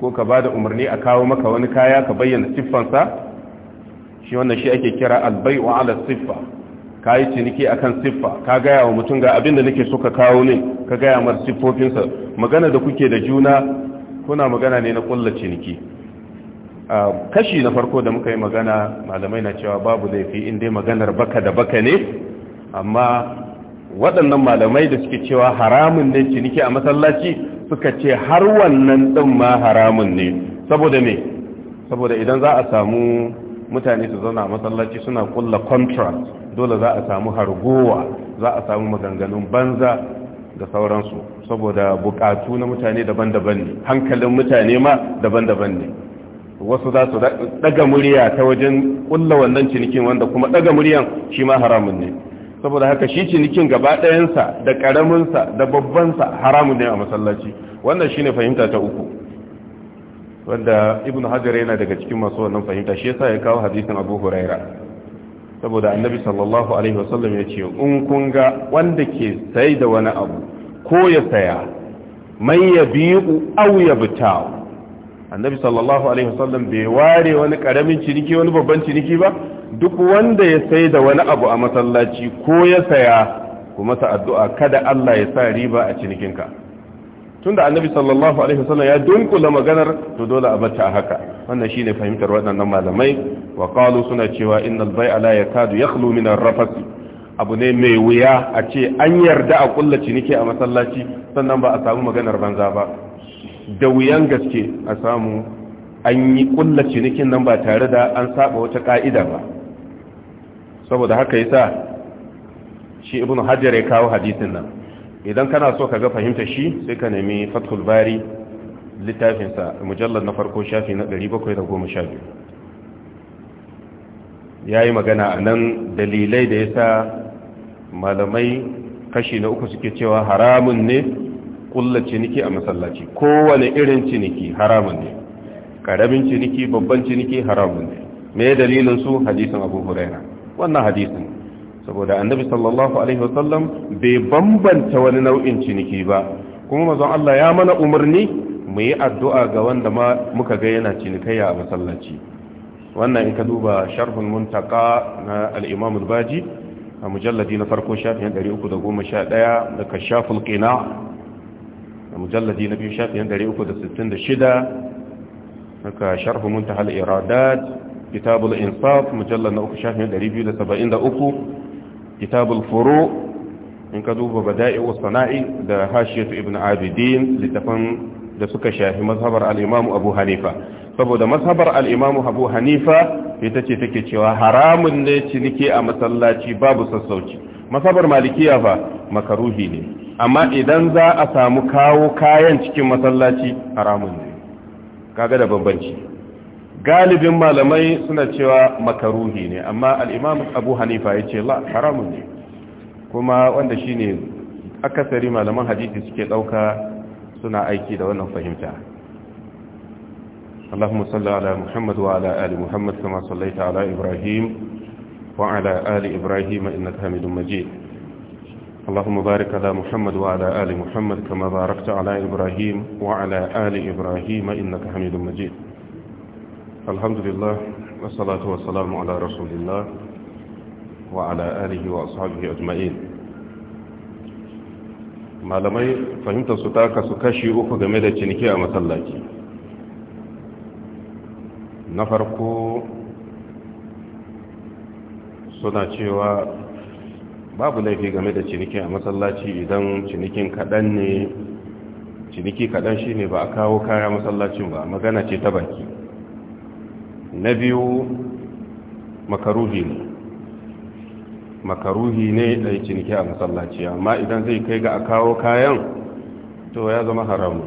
Speaker 1: ko ka ba da umarni a kawo maka wani kaya ka bayyana siffansa shi wannan shi ake kira albai wa ala siffa ka yi ciniki a kan siffa ka gaya wa mutum ga abin da nake so ka kawo ne ka gaya mar siffofinsa magana da kuke da juna kuna magana ne na kulla ciniki kashi na farko da muka yi magana malamai na cewa babu laifi in dai maganar baka da baka ne amma waɗannan malamai da suke cewa haramun ne ciniki a masallaci suka ce har wannan ɗin ma haramun ne saboda me saboda idan za a samu mutane su zauna masallaci suna kulla contract dole za a samu hargowa za a samu maganganun banza da sauransu saboda bukatu na mutane daban-daban ne hankalin mutane ma daban-daban ne wasu za su daga murya ta wajen kulla wannan cinikin wanda kuma daga muryan shi ma haramun ne saboda haka shi cinikin gaba ɗayansa da sa da babbansa haramun ne a masallaci wannan shine fahimta ta uku wanda ibn hajar yana daga cikin masu wannan fahimta shi yasa ya kawo hadisin abu huraira saboda annabi sallallahu alaihi wasallam ya ce in kun ga wanda ke sai da wani abu ko ya saya man ya biyu au ya bita annabi sallallahu alaihi wasallam bai ware wani karamin ciniki wani babban ciniki ba duk wanda ya sai da wani abu a masallaci ko ya saya kuma sa addu'a kada Allah ya sa riba a cinikinka tun da annabi sallallahu alaihi wasallam ya dunkula maganar to dole a bata haka wannan shine fahimtar waɗannan malamai wa qalu suna cewa innal bai'a la yakadu yakhlu min ar-rafas abu ne mai wuya a ce an yarda a kulla ciniki a masallaci sannan ba a samu maganar banza ba da wuyan gaske a samu an yi kulla cinikin nan ba tare da an saba wata ka'ida ba saboda haka yasa shi ibnu hajar ya kawo hadisin nan idan kana so ka ga fahimta shi sai ka nemi fathul bari littafinsa mujallar na farko shafi na 712 ya yi magana a nan dalilai da ya sa malamai kashi na uku suke cewa haramun ne kulla ciniki a masallaci kowane irin ciniki haramun ne karamin ciniki babban ciniki haramun ne me dalilin su hadisin abu huraira wannan hadisin saboda annabi sallallahu alaihi wasallam bai bambanta wani nau'in ciniki ba kuma mazan Allah ya mana umarni mu yi addu'a ga wanda ma muka ga yana cinikayya a masallaci wannan in ka duba sharhul muntaka na al-imam al-baji a mujalladi na farko shafin 311 da shaful qina a mujalladi na biyu shafin 366 haka sharhu muntahal iradat kitabul insaf mujallad na uku shafin 273 kitabul furu in ka duba bada'i'u sana'i da hashiyatu ibn abidin littafan da suka shafi mazhabar al-imamu abu hanifa saboda mazhabar al-imamu abu hanifa ita ce take cewa haramun ne ciniki a masallaci babu sassauci mazhabar malikiya fa makaruhi ne amma idan za a samu kawo kayan cikin masallaci haramun ne kaga da bambanci galibin malamai suna cewa makaruhi ne amma al’imam abu hanifa ya ce la haramun ne kuma wanda shi ne akasari malaman hadisi suke ɗauka suna aiki da wannan fahimta Allahu musallar ala Muhammad wa ala Ali Muhammad kama sallaita ala Ibrahim wa ala Ali Ibrahim inna hamidun majid. Allahu mubarak ala Muhammad wa ala Ali Muhammad kama barakta ala Ibrahim wa ala Ali Ibrahim inna hamidun majid. الحمد لله والصلاة والسلام على رسول الله وعلى آله وأصحابه أجمعين malamai fahimtar su taka su kashi uku game da ciniki a masallaci na farko suna cewa babu laifi game da ciniki a masallaci idan cinikin kaɗan ne ciniki kaɗan shi ne ba a kawo kaya masallacin ba magana ce ta baki na biyu makaruhi ne makaruhi ne ɗai ciniki a masallaci amma idan zai kai ga a kawo kayan to ya zama haramun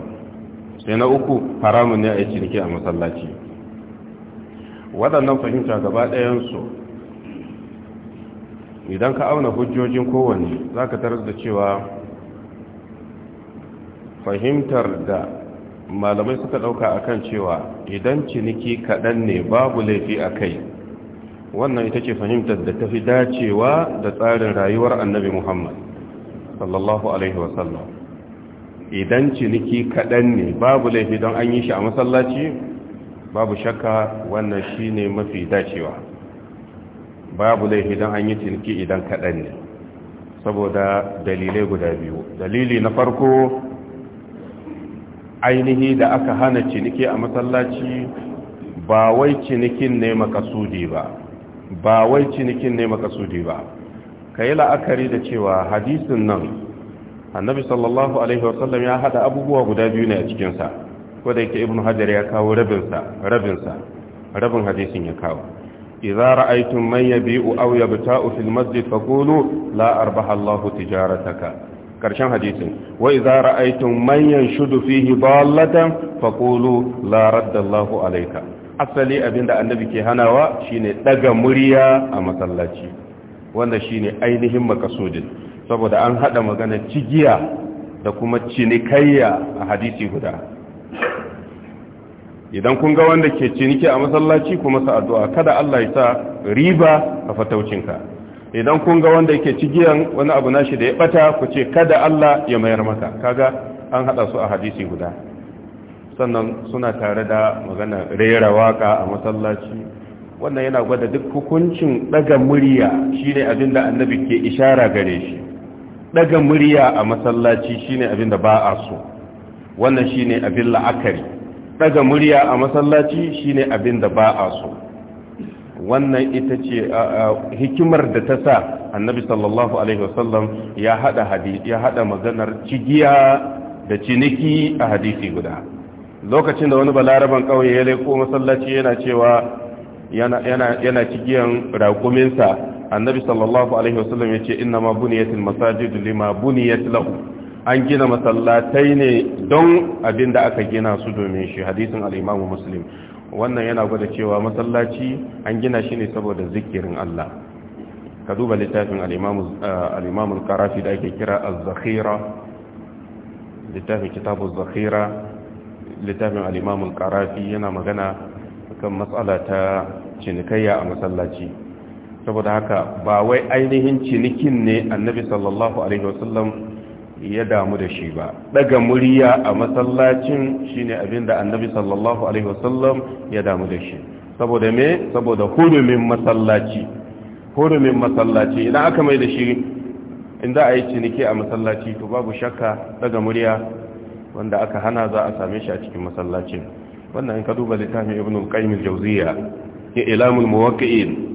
Speaker 1: sai na uku haramun ne a yi ciniki a masallaci waɗannan fahimta gaba ɗayansu idan ka auna hujjojin kowanne za ka tarar da cewa fahimtar da malamai suka ɗauka akan cewa idan ciniki kaɗan ne babu laifi a kai wannan ita ce fahimtar da tafi dacewa da tsarin rayuwar annabi muhammad sallallahu alaihi wasallam idan ciniki kaɗan ne babu laifi don an yi shi a masallaci babu shakka wannan shi ne mafi dacewa babu laifi don an yi ciniki idan kaɗan ne saboda dalilai guda biyu dalili na farko ainihi da aka hana ciniki a masallaci ba wai cinikin ne makasudi ba ba wai cinikin ne makasudi ba ka yi la'akari da cewa hadisin nan annabi sallallahu alaihi wasallam ya hada abubuwa guda biyu ne a cikinsa wadda yake ibn hajar ya kawo rabinsa rabinsa rabin hadisin ya kawo idza ra'aytum man yabi'u aw yabta'u fil masjid faqulu la arbaha Allahu tijarataka karshen hadisin wa idza ra'aytum man yanshudu fihi dallatan faqulu la Allahu alayka asali abinda annabi ke hanawa shine daga murya a masallaci wanda shine ainihin makasudin saboda an hada magana cigiya da kuma cinikayya a hadisi guda idan kun ga wanda ke ciniki a masallaci kuma sa addu'a kada Allah ya sa riba a fatawcinka idan kun ga wanda yake cigiyan wani abu nashi da ya bata ku ce kada Allah ya mayar maka kaga an hada su a hadisi guda sannan suna tare da magana rera waka a masallaci wannan yana gwada duk hukuncin daga murya shine abin da annabi ke ishara gare shi daga murya a masallaci shine abin da ba a so wannan shine abin la'akari daga murya a masallaci shine abin da ba a so wannan ita ce hikimar da ta sa annabi sallallahu alaihi wasallam ya hada hadisi ya hada maganar cigiya da ciniki a hadisi guda lokacin da wani balaraban kauye ya leko masallaci yana cewa yana yana yana cigiyan raƙuminsa annabi sallallahu alaihi wasallam ya ce inna ma buniyatil masajidu lima buniyat lahu an gina masallatai ne don abin da aka gina su domin shi hadisin al-imamu muslim wannan yana gwada cewa masallaci an gina shi ne saboda zikirin Allah ka duba littafin al-imam eh, da ake kira al zakhira littafin kitabu zakhira littafin al-imam yana magana kan matsala ta cinikayya a masallaci saboda haka ba wai ainihin cinikin ne annabi sallallahu alaihi wasallam ya damu da shi ba daga murya a masallacin shine abinda annabi sallallahu alaihi wasallam ya damu da shi saboda me saboda hurumin masallaci hurumin masallaci idan aka mai da shi inda a yi ciniki a masallaci to babu shakka daga murya wanda aka hana za a same shi a cikin masallacin wannan in ka duba littafin ibn al-qayyim al-jawziyya ya ilamul muwaqqi'in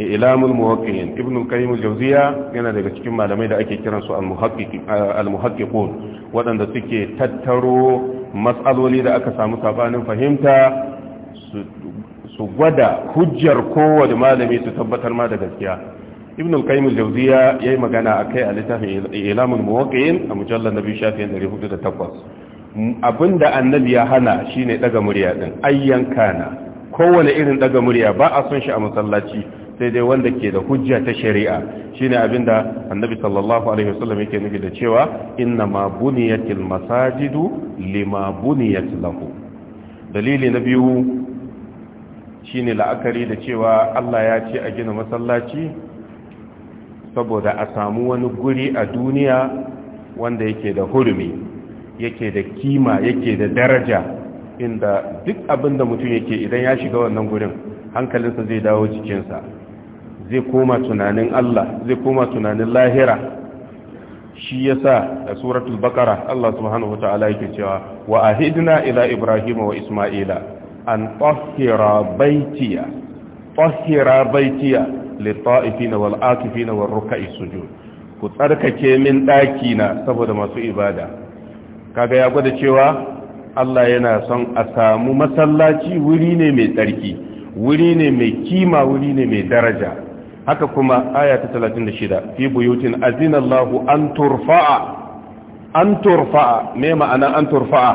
Speaker 1: ilamul muhaqqiqin ibnu al-qayyim al-jawziya yana daga cikin malamai da ake kiran su al-muhaqqiqun waɗanda suke tattaro matsaloli da aka samu sabanin fahimta su gwada hujjar da malami su tabbatar ma da gaskiya ibnu al-qayyim al-jawziya yayi magana akai a littafin ilamul muwaqqi'in a mujallal nabi shafi'in 408 abinda annabi ya hana shine daga murya din ayyan kana kowane irin daga murya ba a son shi a masallaci sai dai wanda ke da hujja ta shari'a shine abinda annabi sallallahu alaihi wasallam yake nufi da cewa inna ma buniyatil masajidu lima buniyat lahu dalili na biyu shine la'akari da cewa Allah ya ce a gina masallaci saboda a samu wani guri a duniya wanda yake da hurumi yake da kima yake da daraja inda duk abinda mutum yake idan ya shiga wannan gurin hankalinsa zai dawo cikinsa zai koma tunanin Allah zai koma tunanin lahira shi yasa a suratul baqara Allah subhanahu wataala yake cewa wa ahidna ila ibrahim wa isma'ila an tahira baitiya tahira baitiya lit-ta'ifina wal-aqifina war-ruk'i sujud ku tsarkake min daki na saboda masu ibada kaga ya gwada cewa Allah yana son a samu masallaci wuri ne mai tsarki wuri ne mai kima wuri ne mai daraja haka kuma aya ta 36 fi buyutin azina an turfa'a an turfa'a me ma'ana an turfa'a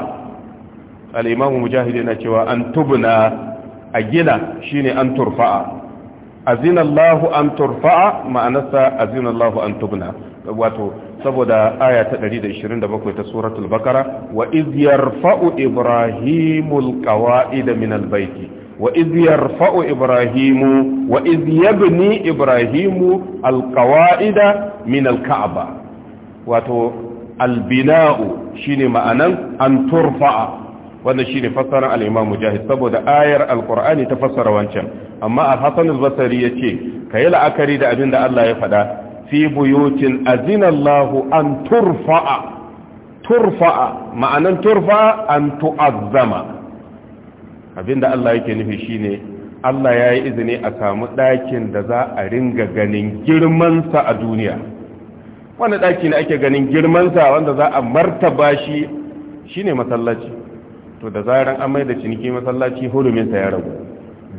Speaker 1: al-imam mujahid yana cewa an tubna a gina shine an turfa'a azina an turfa'a ma'anarsa azina Allahu an tubna wato saboda aya ta 127 ta suratul bakara wa iz yarfa'u ibrahimul qawa'ida min al-bayti wa ibrahimu wa ibrahimu Alkawa'ida min alka'aba wato albina'u shine ma'anan an turfa'a wannan shi ne fassarar al'imam mujahid saboda ayar alkur'ani ta fassara wancan amma al-hassan al-basari ya ce ka yi la'akari da abin da Allah ya faɗa fi buyutin azinallahu an turfa'a turfa'a ma'anan turfa'a an tu'azzama abinda Allah yake nufi shine Allah ya yi izini a samu ɗakin da za a ringa ganin girmansa a duniya Wani ɗaki ne ake ganin girmansa wanda za a martaba shi shine masallaci to da zaran amai da ciniki masallaci huruminsa ya ragu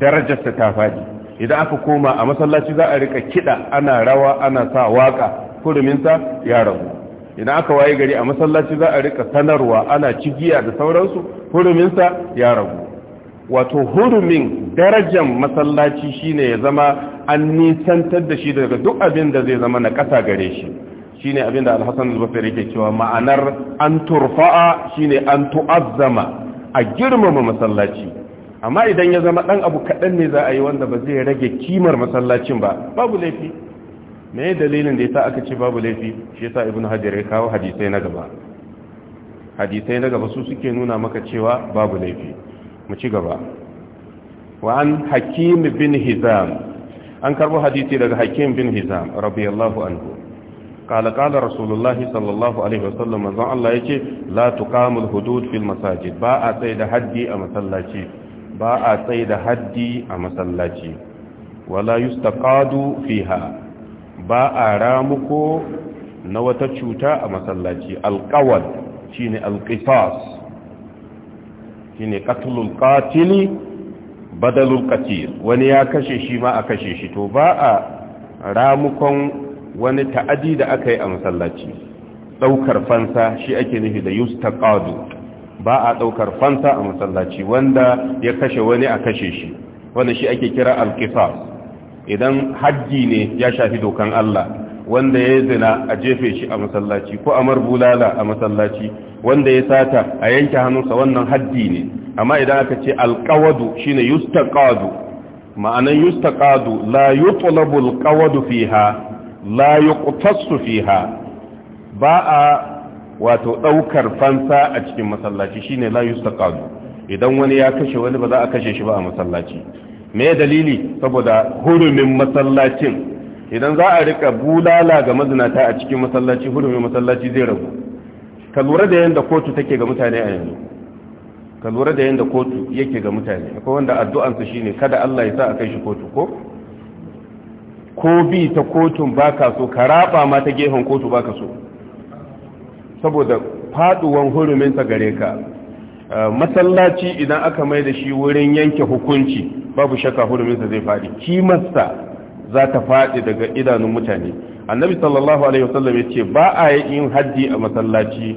Speaker 1: darajarsa ta faɗi idan aka koma a masallaci za a rika kiɗa ana rawa ana sa waƙa huruminsa ya ragu idan aka waye gari a masallaci za a rika sanarwa ana cigiya da sauransu huruminsa ya ragu wato hurumin darajar masallaci shine ya zama an nisantar da shi daga duk abin da zai zama na ƙasa gare shi shine abin da alhassan al yake cewa ma'anar an turfa'a shine an tu'azzama a girmama masallaci amma idan ya zama ɗan abu kaɗan ne za a yi wanda ba zai rage kimar masallacin ba babu laifi me dalilin da yasa aka ce babu laifi shi yasa ibn hajar ya kawo hadisai na gaba hadisai na gaba su suke nuna maka cewa babu laifi mu ci gaba wa an hakim bin hizam an karbo hadisi daga hakim bin hizam radiyallahu anhu qala qala rasulullahi sallallahu alaihi wasallam manzo Allah ce la tuqamul hudud fil masajid ba a tsaida haddi a masallaci ba a tsaida haddi a masallaci wala yustaqadu fiha ba a ramuko na wata cuta a masallaci alqawal shine alqisas shine qatlul qatili badalul qatil wani ya kashe shi ma a kashe shi to ba a ramukon wani ta'adi da aka yi a masallaci daukar fansa shi ake nufi da yustaqadu ba a daukar fansa a masallaci wanda ya kashe wani a kashe shi wanda shi ake kira al idan hajji ne ya shafi dokan Allah wanda ya zina a jefe shi a masallaci ko a marbulala a masallaci wanda ya sata a yanke hannunsa wannan haddi ne amma idan aka ce alkawadu shine yustaqadu ma'anan yustaqadu la yutlabu alqawadu fiha la yuqtasu fiha ba a wato daukar fansa a cikin masallaci shine la yustaqadu idan wani ya kashe wani ba za a kashe shi ba a masallaci me dalili saboda hurumin masallacin idan za a rika bulala ga mazinata a cikin masallaci hurumin masallaci zai ragu ka lura da yadda kotu take ga mutane a yanzu ka lura da yadda kotu yake ga mutane akwai wanda addu'ansa shine kada Allah ya sa a kai shi kotu ko ko bi ta kotun baka so ka raba ma ta gefen kotu baka so saboda faduwan hurumin ta gare ka eh, masallaci idan aka mai da shi wurin yanke hukunci babu shakka hurumin sa zai fadi kimarsa za ta faɗi daga idanun mutane annabi sallallahu alaihi wasallam ya ce ba a yi yin haddi a masallaci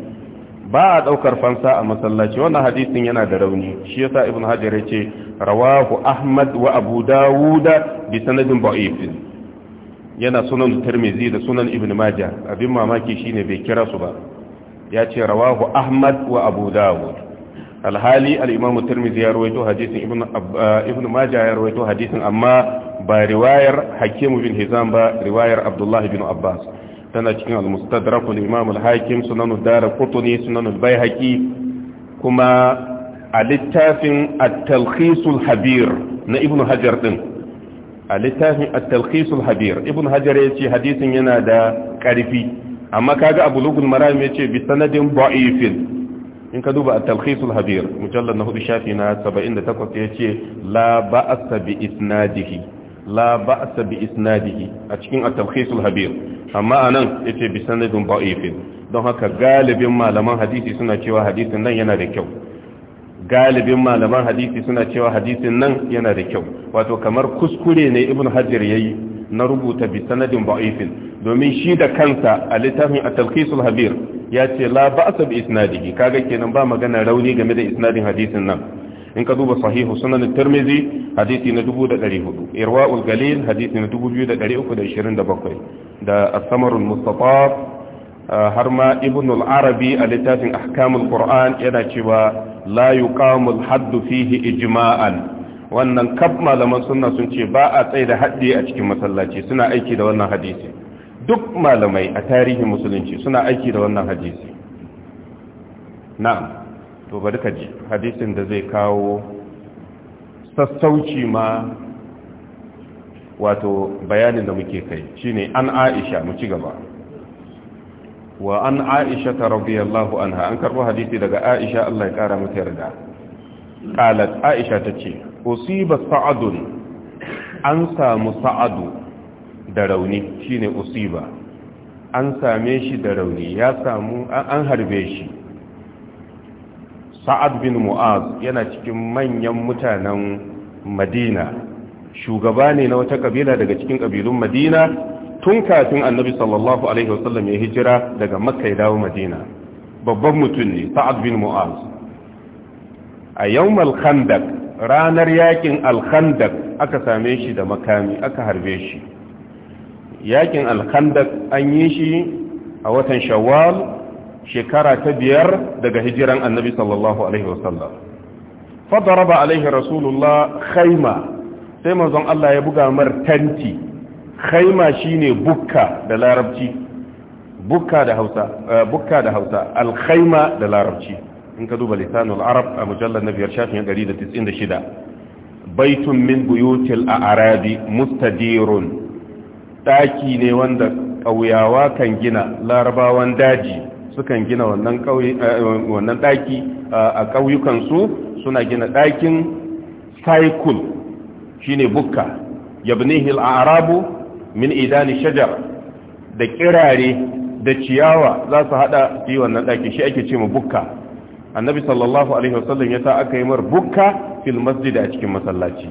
Speaker 1: ba a ɗaukar fansa a masallaci wannan hadisin yana da rauni shi yasa ibn hajar ya ce rawahu ahmad wa abu dawuda bi sanadin da'if yana sunan tirmizi da sunan ibn majah abin mamaki shine bai kira su ba ya ce rawahu ahmad wa abu dawud alhali al-imam tirmizi ya rawaito hadisin ibn ibn majah ya rawaito hadisin amma ba riwayar hakimu bin hizam ba riwayar abdullahi bin abbas tana cikin al-mustadrak imam al-hakim sunan ad-darqutni sunan al-baihaqi kuma a littafin at-talkhis al-habir na Ibn hajar din a littafin at-talkhis al-habir Ibn hajar yace hadisin yana da karfi amma kaga abu lugul maram yace bi sanadin da'ifin in ka duba talkhisul habir mujallar na hudu shafi na 78 ya ce la ba'asa bi isnadihi la a bi isnadihi a cikin at-talkhisul habir amma anan yace bi sanadin da'ifin don haka galibin malaman hadisi suna cewa hadisin nan yana da kyau galibin malaman hadisi suna cewa hadisin nan yana da kyau wato kamar kuskure ne ibn hajar yayi na rubuta bi sanadin da'ifin domin shi da kansa a littafin at-talkhisul habir ya ce la a bi isnadihi kaga kenan ba magana rauni game da isnadin hadisin nan in ka duba sahihu sunan tirmizi hadisi na 1400 irwaul galil hadisi na 2327 da as-samarul mustataf har ma ibn al-arabi a littafin ahkamul qur'an yana cewa la yuqamul haddu fihi ijma'an wannan kaf malaman sunna sun ce ba a tsaye da haddi a cikin masallaci suna aiki da wannan hadisi duk malamai a tarihin musulunci suna aiki da wannan hadisi na'am to bari ka ji hadisin da zai kawo sassauci ma wato bayanin da muke kai shine an aisha mu ci gaba wa an aisha ta radiyallahu anha an karbo hadisi daga aisha Allah ya kara mata yarda qalat aisha tace usiba sa'adun an samu sa'adu da rauni shine usiba an same shi da rauni ya samu an harbe shi sa'ad bin mu'az yana cikin manyan mutanen madina shugaba ne na wata kabila daga cikin kabilun madina tun kafin annabi sallallahu alaihi wasallam ya hijira daga makka ya dawo madina babban mutum ne sa'ad bin mu'az a yau khandak ranar yakin al aka same shi da makami aka harbe shi yakin al an yi shi a watan shawwal shekara ta biyar daga hijiran annabi sallallahu alaihi wasallam raba alaihi rasulullah khaima sai manzon Allah ya buga mar tanti khaima shine bukka da larabci bukka da hausa eh, bukka da hausa alkhaima da larabci in ka duba lisanul arab a mujallar na biyar shafin shida baitun min buyutil a'rabi mustadirun daki ne wanda ƙauyawa kan gina larabawan daji sukan gina wannan eh, ɗaki eh, a ƙauyukansu suna gina ɗakin saikul shine bukka yabnihi al-arabu min idani shajar da kirare da ciyawa za su hada yi wannan ɗaki shi ake ce ma bukka annabi sallallahu alaihi wasallam ya sa aka yi mar bukka fil masjid a cikin masallaci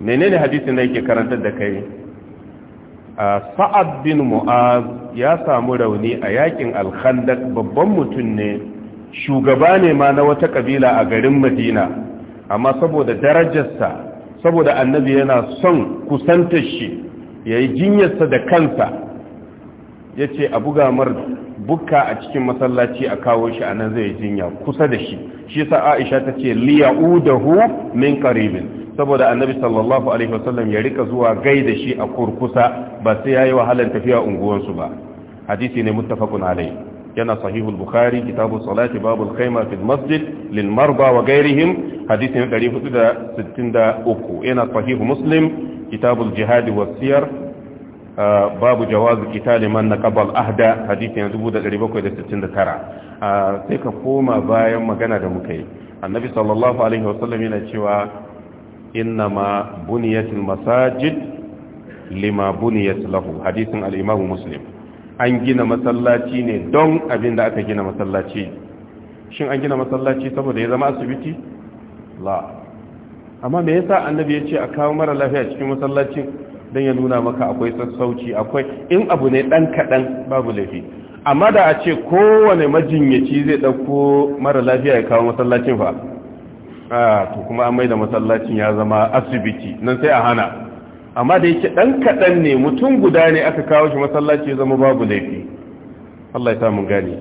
Speaker 1: menene hadisin da yake karantar da kai sa'ad bin mu'az ya samu rauni a yakin alkhandar babban mutum ne shugaba ne ma na wata ƙabila a garin madina amma saboda darajarsa saboda annabi yana son kusantar shi ya yi jinyarsa da kansa ya ce a buga mar bukka a cikin masallaci a kawo shi a nan zai jinya kusa da shi shi sa aisha ta ce liya'udahu min saboda annabi sallallahu alaihi wasallam ya rika zuwa gai da shi a kurkusa ba sai yayi wahalar tafiya unguwansu ba hadisi ne muttafaqun alaihi yana sahihul bukhari kitabu salati babul khayma fil masjid lil marba wa ghairihim hadisi ne 463 yana sahihu muslim kitabul jihad was siyar babu jawazu qitali man naqabal ahda hadisi ne 1769 sai ka koma bayan magana da muka yi annabi sallallahu alaihi wasallam yana cewa إنما بنيت المساجد لما بنيت له حديث الإمام muslim an gina masallaci ne don abin da aka gina masallaci shin an gina masallaci saboda ya zama asibiti la amma me yasa annabi ya ce a kawo mara lafiya cikin masallacin don ya nuna maka akwai sassauci akwai in abu ne dan kadan babu laifi amma da a ce kowane majinyaci zai dauko mara lafiya ya kawo masallacin fa Ah, to kuma an maida masallacin ya zama asibiti nan sai a hana amma da yake dan kadan ne mutum guda ne aka kawo shi masallaci ya zama babu laifi Allah ya sa mun gane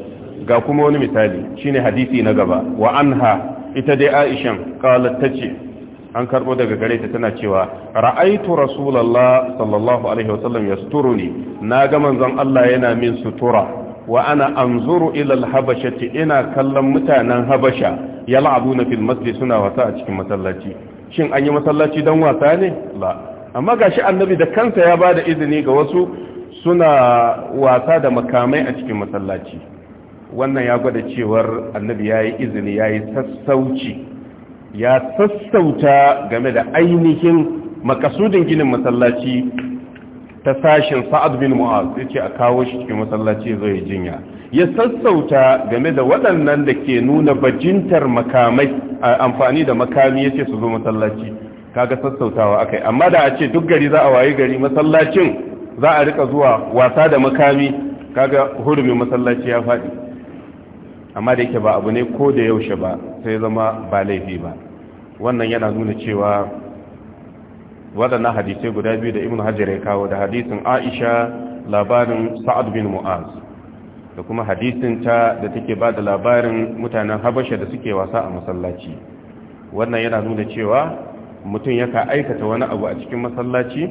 Speaker 1: ga kuma wani misali shine hadisi na gaba wa anha ita dai Aisha qalat tace an karbo daga gare ta tana cewa ra'aitu rasulullah sallallahu alaihi wasallam yasturuni naga manzon Allah yana min sutura wa ana anzuru ila al-habashati ina kallon mutanen habasha na fil masjid suna wasa a cikin masallaci shin an yi masallaci don wasa ne la amma gashi annabi da kansa ya bada izini ga wasu suna wasa da makamai a cikin masallaci wannan ya gwada cewar annabi ya yi izini ya yi sassauci ya sassauta game da ainihin makasudin ginin masallaci ta sashin sa'ad bin mu'az ya a kawo shi cikin masallaci zai jinya ya sassauta game da waɗannan da ke nuna bajintar makamai amfani da makami ya ce su zo masallaci kaga sassautawa aka yi amma da a ce duk gari za a wayi gari masallacin za a rika zuwa wasa da makami kaga hurumin masallaci ya faɗi amma da yake ba abu ne ko da yaushe ba sai zama ba laifi ba wannan yana nuna cewa waɗannan hadisai guda biyu da ibn hajar ya kawo da hadisin aisha labarin sa'ad bin mu'az da kuma hadisin ta da take ba da labarin mutanen habasha da suke wasa a masallaci wannan yana nuna cewa mutum yaka aikata wani abu a cikin masallaci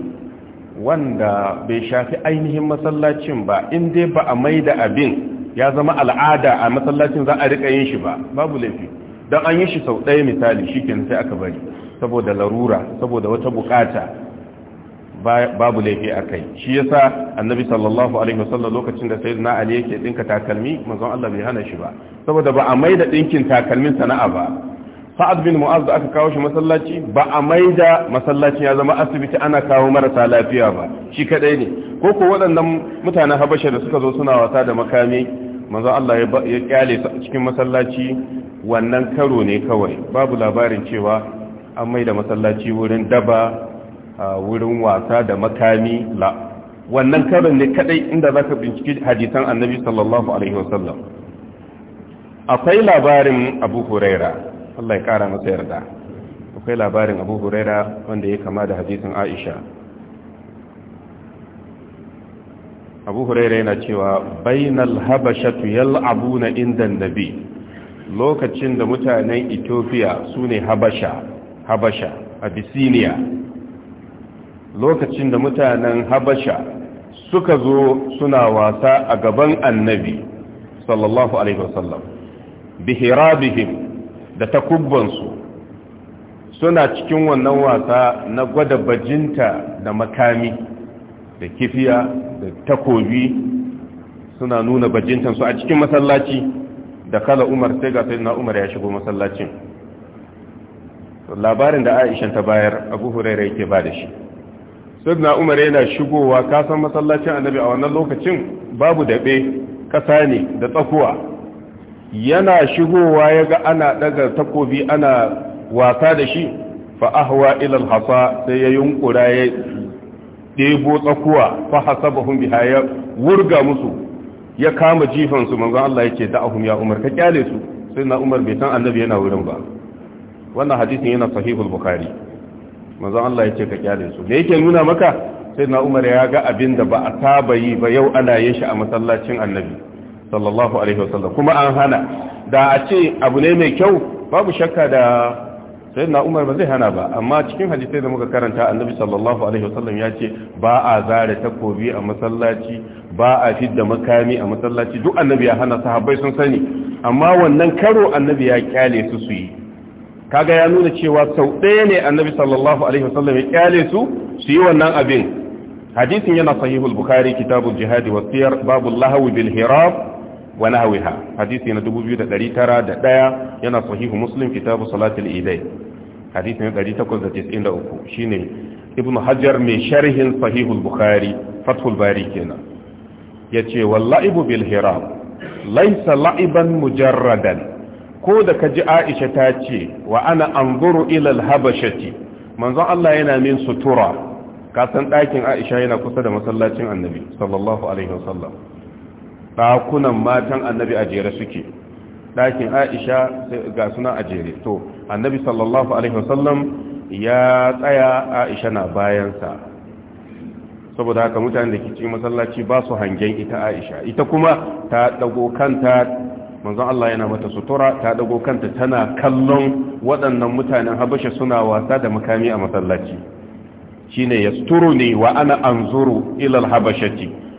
Speaker 1: wanda bai shafi ainihin masallacin ba in dai ba a mai da abin ya zama al'ada a masallacin za a rika yin shi ba babu laifi don an yi shi sau ɗaya misali shi sai aka bari saboda larura saboda wata bukata babu laifi a kai shi yasa annabi sallallahu alaihi wasallam lokacin da sai na ali yake dinka takalmi manzon Allah bai hana shi ba saboda ba a maida dinkin takalmin sana'a ba sa'ad bin mu'az da aka kawo shi masallaci ba a maida masallacin ya zama asibiti ana kawo marasa lafiya ba shi kadai ne ko ko waɗannan mutanen habasha da suka zo suna wasa da makami manzon Allah ya kyale cikin masallaci wannan karo ne kawai babu labarin cewa an maida masallaci wurin daba A wurin wasa da makami la wannan karin ne kadai inda za ka binciki hadisan annabi sallallahu alaihi wasallam akwai labarin abu huraira Allah ya kara masa yarda akwai labarin abu huraira wanda ya kama da hadisin aisha abu huraira yana cewa bainal habashatu yal'abuna inda nabi lokacin da mutanen ethiopia su ne habasha habasha abisiniya lokacin da mutanen habasha suka zo suna wasa a gaban annabi sallallahu alaihi wasallam bihirabihim da takubbansu suna cikin wannan wasa na gwada bajinta da makami da kifiya da takobi suna nuna bajintansu a cikin masallaci da kala umar sai ga na umar ya shigo masallacin labarin da aisha ta bayar abu hurairah yake ba da shi sai na umar yana shigowa kasan masallacin annabi a wannan lokacin babu daɓe kasa ne da tsakuwa yana shigowa ya ga ana ɗaga takobi ana wasa da shi fa ahwa ila al-hasa sai ya yunkura ya debo tsakuwa fa hasabahum biha ya wurga musu ya kama jifan su manzon Allah yake da'ahum ya umar ka kyale su sai na umar bai san annabi yana wurin ba wannan hadisin yana sahihul bukhari manzon Allah ya ce ka kyale su da yake nuna maka sai na umar ya ga abin da ba a saba yi ba yau ana yin shi a masallacin annabi sallallahu alaihi wasallam kuma an hana da a ce abu ne mai kyau babu shakka da sai na umar ba zai hana ba amma cikin hadisai da muka karanta annabi sallallahu alaihi wasallam ya ce ba a zare takobi a masallaci ba a fidda makami a masallaci duk annabi ya hana sahabbai sun sani amma wannan karo annabi ya kyale su su yi kaga ya nuna cewa sau ɗaya ne annabi sallallahu alaihi wasallam ya kyale su su yi wannan abin hadisin yana sahihul bukhari kitabul jihadi wa siyar babul lahawi bil hirab wa nahwiha hadisi na 2901 yana sahihu muslim kitabu salatul idai hadisi na 893 shine ibn hajar mai sharhin sahihul bukhari fathul bari kenan yace wallahi bil hirab laysa la'iban mujarradan ko da ka ji aisha ta ce wa ana anzuru ila alhabashati manzon Allah yana min sutura ka san ɗakin aisha yana kusa da masallacin annabi sallallahu alaihi wasallam ɗakunan matan annabi a jere suke ɗakin aisha ga suna a jere to annabi sallallahu alaihi wasallam ya tsaya aisha na bayansa saboda haka mutane da ke ci masallaci ba su hangen ita aisha ita kuma ta ɗago kanta manzon Allah yana mata sutura ta dago kanta tana kallon waɗannan mutanen habasha suna wasa da makami a masallaci shine ne wa ana anzuru ila al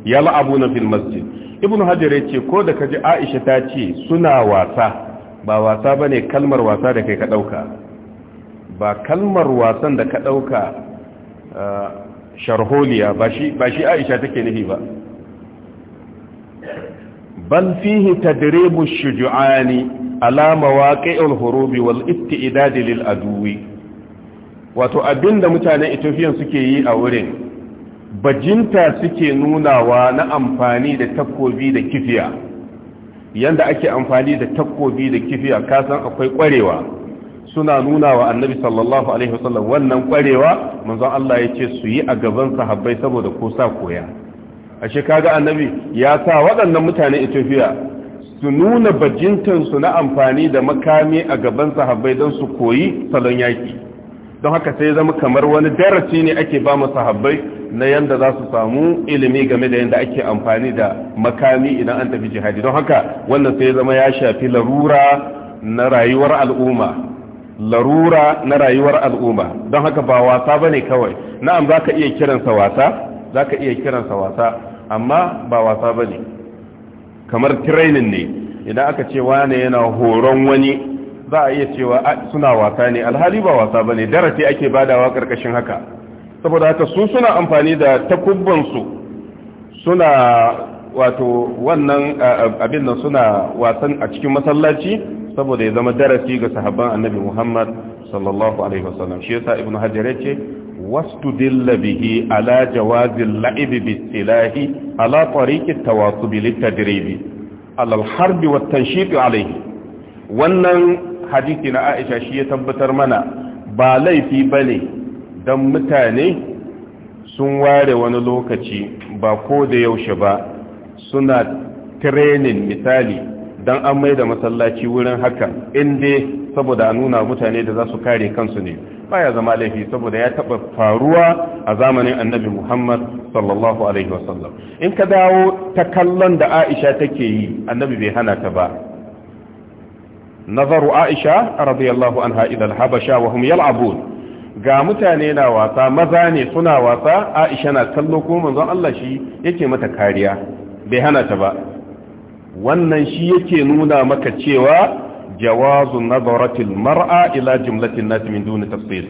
Speaker 1: yal'abuna fil masjid ibnu hajar yace ko da kaji aisha ta ce suna wasa ba wasa bane kalmar wasa da kai ka dauka ba kalmar wasan da ka dauka ah, sharholiya ba shi ba shi aisha take nufi ba bal fihi tadribu shuju'ani ala mawaqi'il hurubi wal itti'dad aduwi wato abinda mutanen Ethiopia suke yi a wurin bajinta suke nunawa na amfani da takobi da kifiya yanda ake amfani da takobi da kifiya kasan akwai kwarewa suna nunawa annabi sallallahu alaihi wasallam wannan kwarewa manzon Allah ya ce su yi a gaban sahabbai saboda ko sa koya ashe kaga annabi ya sa waɗannan mutane Ethiopia su nuna su na amfani da makami a gaban sahabbai don su koyi salon yaki don haka sai zama kamar wani darasi ne ake ba mu sahabbai na yanda za su samu ilimi game da yanda ake amfani da makami idan an tafi jihadi don haka wannan sai zama ya shafi larura na rayuwar al'umma larura na rayuwar al'umma don haka ba wasa bane kawai na'am zaka iya kiransa wasa zaka iya kiransa wasa amma ba wasa ba ne kamar training ne idan aka ce wane yana horon wani za a iya cewa suna wasa ne alhali ba wasa ba ne darasi ake badawa karkashin haka saboda haka su suna amfani da takubbansu suna wato wannan abin nan suna wasan a cikin masallaci saboda ya zama darasi ga sahabban annabi muhammad sallallahu alaihi wasallam shi yasa ibnu hajar yace واستدل به على جواز اللعب بالسلاح على طريق التواصب للتدريب على الحرب والتنشيط عليه wannan hadisi na Aisha shi ya tabbatar mana ba laifi bane dan mutane sun ware wani lokaci ba ko da yaushe ba suna tirenin misali dan an mai da masallaci wurin haka inda saboda a nuna mutane da za su kare kansu ne baya zama laifi saboda ya taba faruwa a zamanin annabi Muhammad sallallahu alaihi wasallam in ka dawo ta kallon da Aisha take yi annabi bai hana ta ba nazaru Aisha radiyallahu anha ila al-habasha wa hum yal'abun ga mutane na wasa maza ne suna wasa Aisha na kallo ko manzon Allah shi yake mata kariya bai hana ta ba wannan shi yake nuna maka cewa jawazu nazaratil mar'a ila jumlatin nas min duni tafsil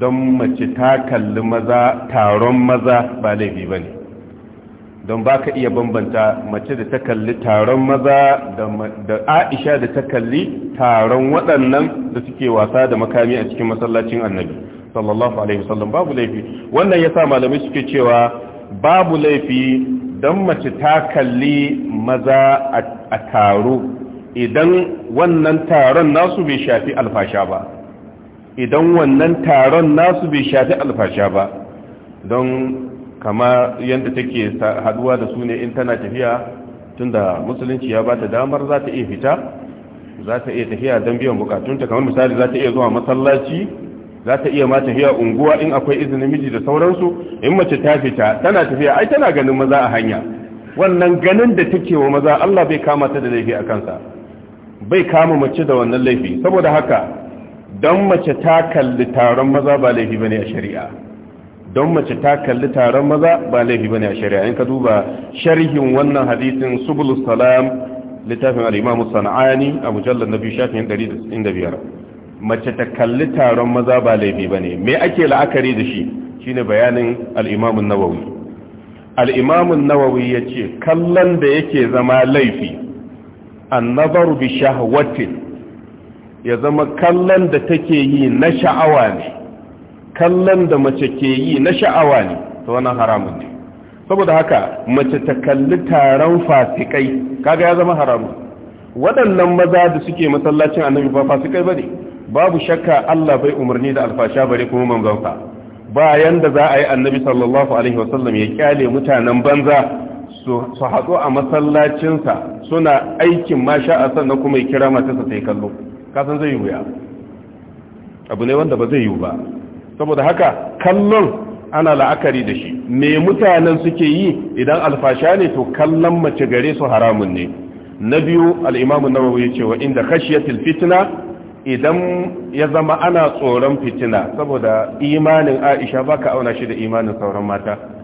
Speaker 1: don mace ta kalli maza taron maza ba laifi ne don ba ka iya bambanta mace da ta kalli taron maza da aisha da ta kalli taron waɗannan da suke wasa da makami a cikin masallacin annabi sallallahu alaihi wasallam babu laifi wannan yasa malamai suke cewa babu laifi don mace ta kalli maza a taro idan wannan taron nasu bai shafi alfasha ba idan wannan taron nasu bai shafi alfasha ba don kama yadda take haduwa da su ne in tana tafiya tunda musulunci ya ba ta damar za ta iya fita za ta iya tafiya don biyan bukatunta kamar misali za ta iya zuwa masallaci za ta iya ma tafiya unguwa in akwai izinin miji da sauransu in mace ta fita tana tafiya ai tana ganin maza a hanya wannan ganin da take wa maza Allah bai kama ta da laifi a kansa bai kama mace da wannan laifi saboda haka don mace ta kalli taron maza ba laifi bane a shari'a don mace ta kalli taron maza ba laifi bane a shari'a in ka duba sharhin wannan hadisin subul salam littafin al-imamu sana'ani a mujallar na biyu shafin 195 mace ta kalli taron maza ba laifi bane me ake la'akari da shi shine bayanin al-imamu nawawi al-imamu nawawi yace kallon da yake zama laifi annazaru bi ya zama kallon da take yi na sha'awa ne kallon da mace ke yi na sha'awa ne ta wannan haramun ne saboda haka mace ta kalli taron fasikai kaga ya zama haramun waɗannan maza da suke masallacin annabi ba fasikai bane babu shakka Allah bai umarni da alfasha bare kuma manzon bayan da za a yi annabi sallallahu alaihi wasallam ya kyale mutanen banza su haɗu a masallacinsa suna aikin ma a sannan kuma ya kira matarsa ta yi kallo kasan zai yi wuya abu ne wanda ba zai yi ba saboda haka kallon ana la'akari da shi me mutanen suke yi idan alfasha ne to kallon mace gare su haramun ne na biyu al'imamun na cewa cewa inda kashiyatil fitina idan ya zama ana tsoron fitina saboda imanin aisha baka auna shi da imanin sauran mata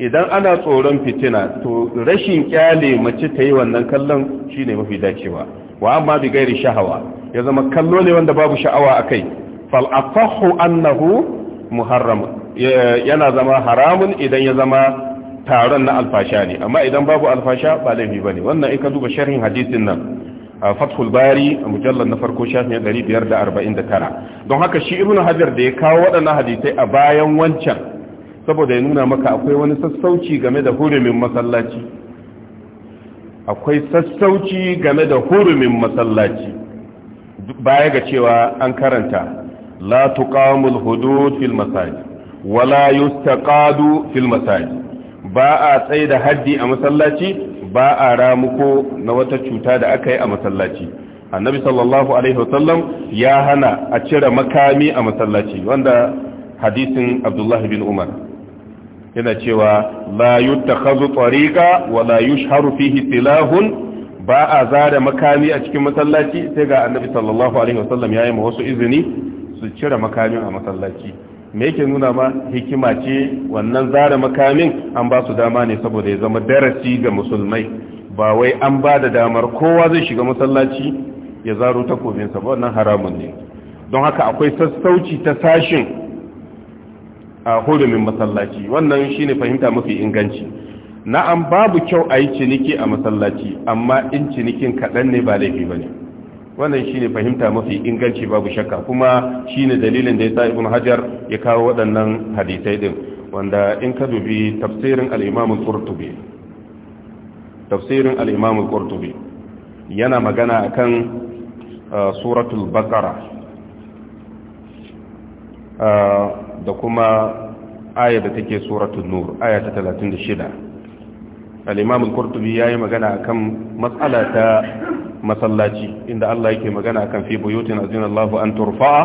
Speaker 1: idan ana tsoron fitina to rashin kyale mace ta yi wannan kallon shine mafi dacewa wa amma bi gairi sha'awa. ya zama kallo ne wanda babu sha'awa a kai. Fal'afahu, annahu muharram yana zama haramun idan ya zama taron na alfasha ne amma idan babu alfasha ba laifi ne. wannan in ka duba sharhin hadisin nan fathul bari a mujallar na farko shafin 549 don haka shi ibn hajar da ya kawo waɗannan hadisai a bayan wancan saboda ya nuna maka akwai wani sassauci game da hurumin masallaci akwai sassauci game da hurumin masallaci baya ga cewa an karanta la tuqamul hudud fil masajid wala yustaqadu fil masajid ba a tsaye da haddi a masallaci ba a ramuko na wata cuta da aka yi a masallaci annabi sallallahu alaihi wasallam ya hana a cire makami a masallaci wanda hadisin abdullahi bin umar yana cewa la yuttakhazu tariqa wa la yushharu fihi tilahun ba a zare makami a cikin masallaci sai ga annabi sallallahu alaihi wasallam yayi ma wasu izini su cire makami a masallaci me yake nuna ma hikima ce wannan zare makamin an ba su dama ne saboda ya zama darasi ga musulmai ba wai an ba da damar kowa zai shiga masallaci ya zaro takobinsa ba wannan haramun ne don haka akwai sassauci ta sashin a hurumin masallaci wannan shi ne fahimta mafi inganci na'am babu kyau a yi ciniki a masallaci amma in cinikin kaɗan ne ba laifi ba ne wannan shi ne fahimta mafi inganci babu shakka kuma shi ne dalilin da ya sa ibn hajar ya kawo waɗannan hadisai ɗin. wanda in ka dubi tafsirin al'imamun imam tafsirin al'imamun yana magana akan uh, suratul baqara da kuma aya da take suratul nur aya ta 36 al-imam al-qurtubi yayi magana akan mas'ala ta masallaci inda Allah yake magana akan fi buyutin azina Allah an turfa'a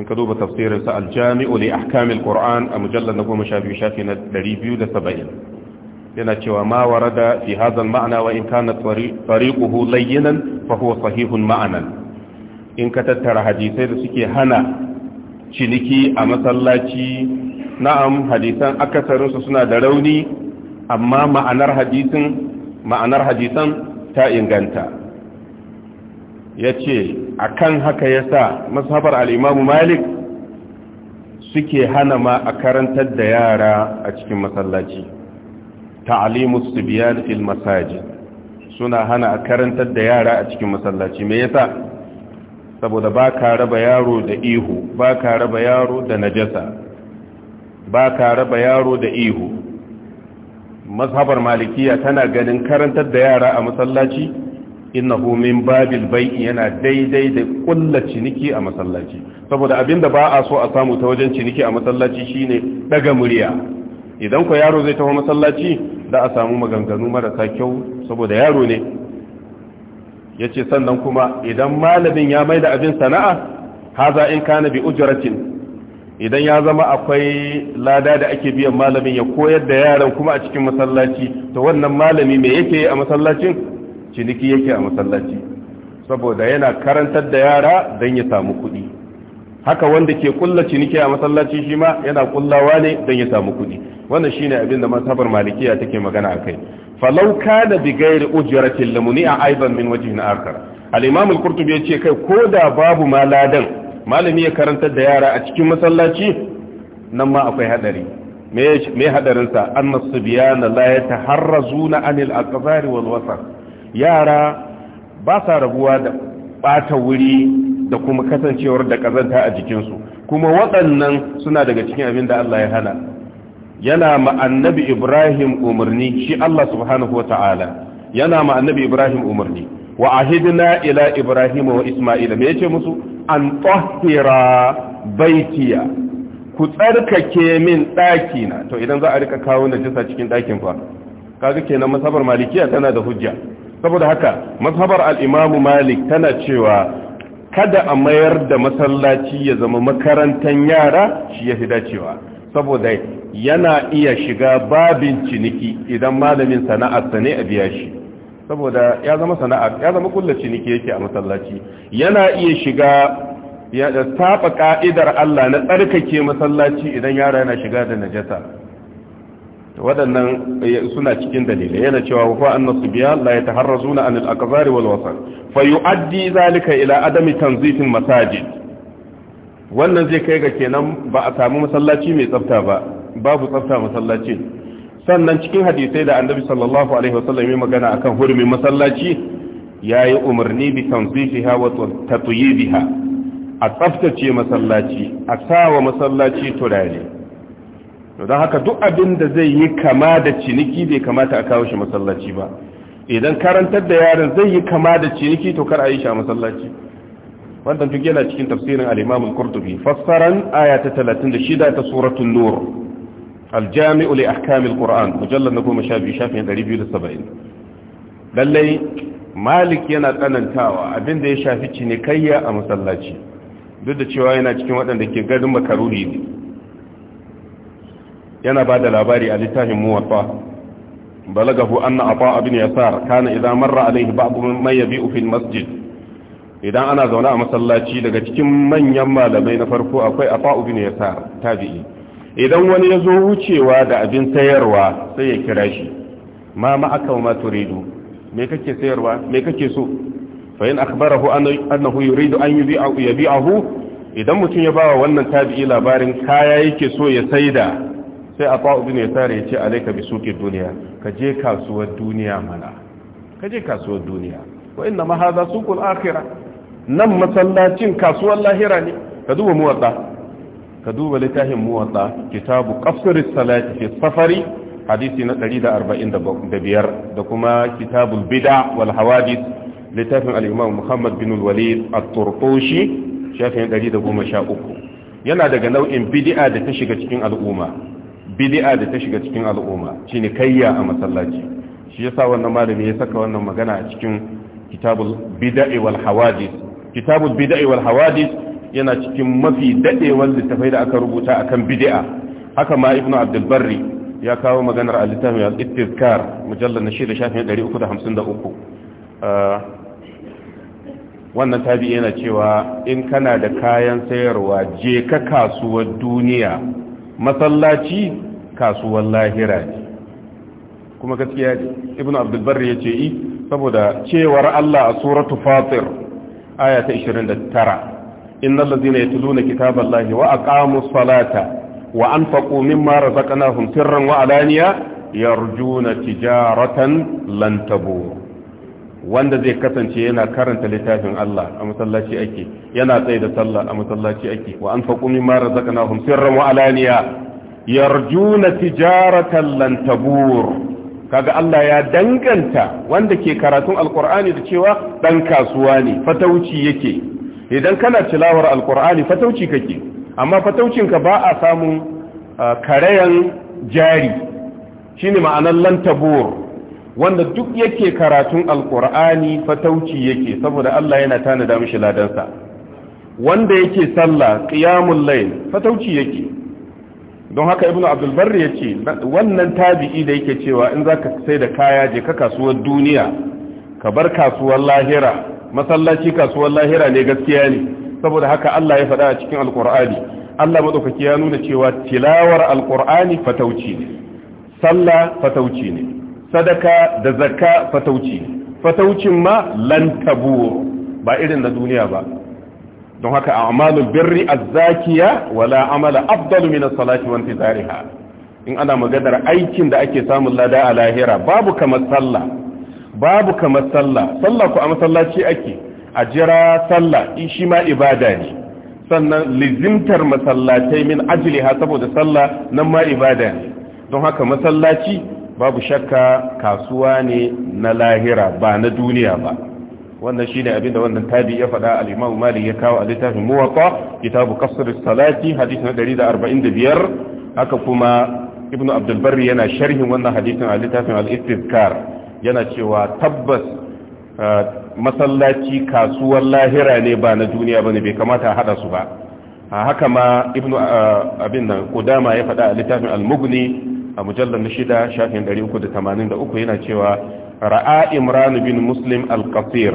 Speaker 1: in ka duba tafsirin sa al-jami'u li ahkam al-qur'an a mujallad na 10 shafi shafi na 270 yana cewa ma warada fi hadha al-ma'na wa in kana tariquhu layyinan fa huwa sahihun ma'anan in ka tattara hadisai da suke hana ciniki a masallaci na'am hadisan akasarinsu suna da rauni amma ma'anar hadisin ma'anar hadisan ta inganta ya ce a kan haka ya sa al al'imamu malik suke hana ma a karantar da yara a cikin masallaci ta'alimus su fil masajid suna hana a karantar da yara a cikin masallaci me yasa saboda ba ka raba yaro da ihu ba ka raba yaro da najasa ba ka raba yaro da ihu mazhabar malikiya tana ganin karantar da yara a masallaci innahu min babil bai'i yana daidai da ƙulla ciniki a masallaci saboda abinda ba a so a samu ta wajen ciniki a masallaci shine daga murya idan ko yaro zai tafi masallaci da a samu maganganu marasa kyau saboda yaro ne ya ce sannan kuma idan malamin ya maida abin sana'a haza in kana bi ujratin idan ya zama akwai lada da ake biyan malamin ya koyar da yaran kuma a cikin masallaci to wannan malami me yake a masallacin ciniki yake a masallaci saboda yana karantar da yara don ya samu kuɗi haka wanda ke kulla ciniki a masallaci shi ma yana kullawa ne don ya samu kuɗi wannan shine abin da masabar malikiya take magana akai falau da bi gairi lamuni a aiban min na akar al-imam al ce yace kai ko da babu Ladan. malami ya karantar da yara a cikin masallaci nan ma akwai hadari me hadarin sa anna sibyana Zuna, yataharrazuna anil aqdar wal wasan. yara ba sa rabuwa da bata wuri da kuma kasancewar da kazanta a jikinsu kuma waɗannan suna daga cikin abin da Allah ya hana yana ma annabi ibrahim umarni shi Allah subhanahu wata'ala yana ma annabi ibrahim umarni wa ahidna ila ibrahim wa isma'ila me yace musu an tahira baitiya ku tsarkake min ɗakina to idan za a rika kawo na najasa cikin ɗakin fa kaga kenan masabar malikiya tana da hujja saboda haka masabar al-imam malik tana cewa kada a mayar da masallaci ya zama makarantan yara shi ya fi dacewa saboda yana iya shiga babin ciniki idan malamin sana'arsa ne a biya shi saboda ya zama sana'a ya zama ciniki yake a masallaci yana iya shiga ya da saba ka'idar Allah na tsarkake masallaci idan yara yana shiga da najasa waɗannan eh, suna cikin dalilai yana cewa fa anna subyan la yataharrazuna an al-aqzar wal wasal fa yu'addi zalika ila adami tanzifin masajid wannan zai kai ga kenan ba a samu masallaci mai tsafta ba babu tsafta masallacin sannan cikin hadisai da annabi sallallahu alaihi wasallam ya magana akan hurumin masallaci yayi umarni bi tanzifiha wa tatyibiha a tsaftace masallaci a sawa masallaci turare don haka duk abin da zai yi kama da ciniki bai kamata a kawo shi masallaci ba idan karantar da yaron zai yi kama da ciniki to kar a yi shi a masallaci wannan duk yana cikin tafsirin al-Imam al-Qurtubi fassaran aya 36 ta suratul Nur al jamiu li ahkam al-Qur'an mujallad na 12 shafin 270 lalle Malik yana tsanantawa abinda ya shafi cinikayya a masallaci duk da cewa yana cikin waɗanda ke garin makaruri ne yana ba da labari a littafin muwatta بلغه أن عطاء بن يسار كان إذا مر عليه بعض من يبيء في masjid idan ana zaune a masallaci daga cikin manyan malamai na farko akwai afa'u bin yasar tabi'i idan wani ya zo wucewa da abin sayarwa sai ya kira shi ma ma'aka ma turidu me kake sayarwa me kake so fa in akhbarahu annahu yuridu an yubi'ahu yabi'ahu idan mutum ya bawa wannan tabi'i labarin kaya yake so ya saida sai afa'u bin yasar ya ce alayka bi suqi dunya ka je kasuwar duniya mana ka je kasuwar duniya wa inna ma hadha suqul akhirah nan masallacin kasuwar lahira ne ka duba muwatsa ka duba littafin muwatsa kitabu qasr salati fi safari hadisi na 145 da kuma kitabul bid'a wal hawadith littafin al-imam Muhammad bin al-Walid at-Turtushi shafin 113 yana daga nau'in bid'a da ta shiga cikin al'umma bid'a da ta shiga cikin al'umma shine kayya a masallaci shi yasa wannan malami ya saka wannan magana a cikin kitabul bid'a wal hawadith kitabul bid'a wal yana cikin mafi daɗewar littattafai da aka rubuta akan bid'a haka ma ibnu abdul barri ya kawo maganar a littafin al-istizkar mujallal na shida shafin 353 ah, wannan tabi yana cewa in kana da kayan sayarwa je ka kasuwar duniya masallaci kasuwar lahira kuma gaskiya ibnu abdul barri yace i saboda cewar Allah a suratu fatir aya ta 29 innal ladzina yatluna kitaballahi wa aqamus salata wa anfaqu mimma razaqnahum sirran wa alaniya yarjuna tijaratan wanda zai kasance yana karanta littafin Allah a masallaci ake yana tsaye da sallah a masallaci ake wa anfaqu mimma razaqnahum sirran wa alaniya yarjuna tijaratan lan tabur kaga Allah ya danganta wanda ke karatun alkur'ani da cewa dan kasuwa ne fatauci yake idan kana tilawar alkur'ani fatauci kake amma fataucinka ba a samun uh, karayan jari shine ma'anar lantabur wanda duk yake karatun alkur'ani fatauci yake saboda Allah yana tanada mishi ladansa wanda yake sallah qiyamul layl fatauci yake don haka ibnu abdul barri ya ce wannan tabi'i da yake cewa in za ka sai da kaya je ka kasuwar duniya ka bar kasuwar lahira masallaci kasuwar lahira ne gaskiya ne saboda haka allah ya faɗa a cikin alkur'ani allah maɗaukaki ya nuna cewa tilawar alkur'ani fatauci ne sallah fatauci ne sadaka da zakka fatauci ne fataucin ma lan ba irin na duniya ba don haka Amalu birri a zakiya wala amala afdalu min as-salati wa intizariha in ana maganar aikin da ake samun lada a lahira babu kamar sallah babu kamar sallah sallah ku a masallaci ake a jira sallah shi ma ibada ne sannan lizimtar masallatai min ajliha saboda sallah nan ma ibada ne don haka masallaci babu shakka kasuwa ne na lahira ba na duniya ba wannan shine abinda wannan tabi ya faɗa al-Imam ya kawo a littafin Muwatta kitabu Qasr as-Salati hadith na 145 haka kuma Ibn Abdul yana sharhin wannan hadithin a littafin al-Istizkar yana cewa tabbas uh, masallaci kasuwar lahira ne ba na duniya bane bai kamata a hada su ba haka ma Ibn uh, abin nan Qudama ya faɗa a littafin al-Mughni a mujallar na shida shafin 383 yana cewa ra'a imran bin muslim al-qasir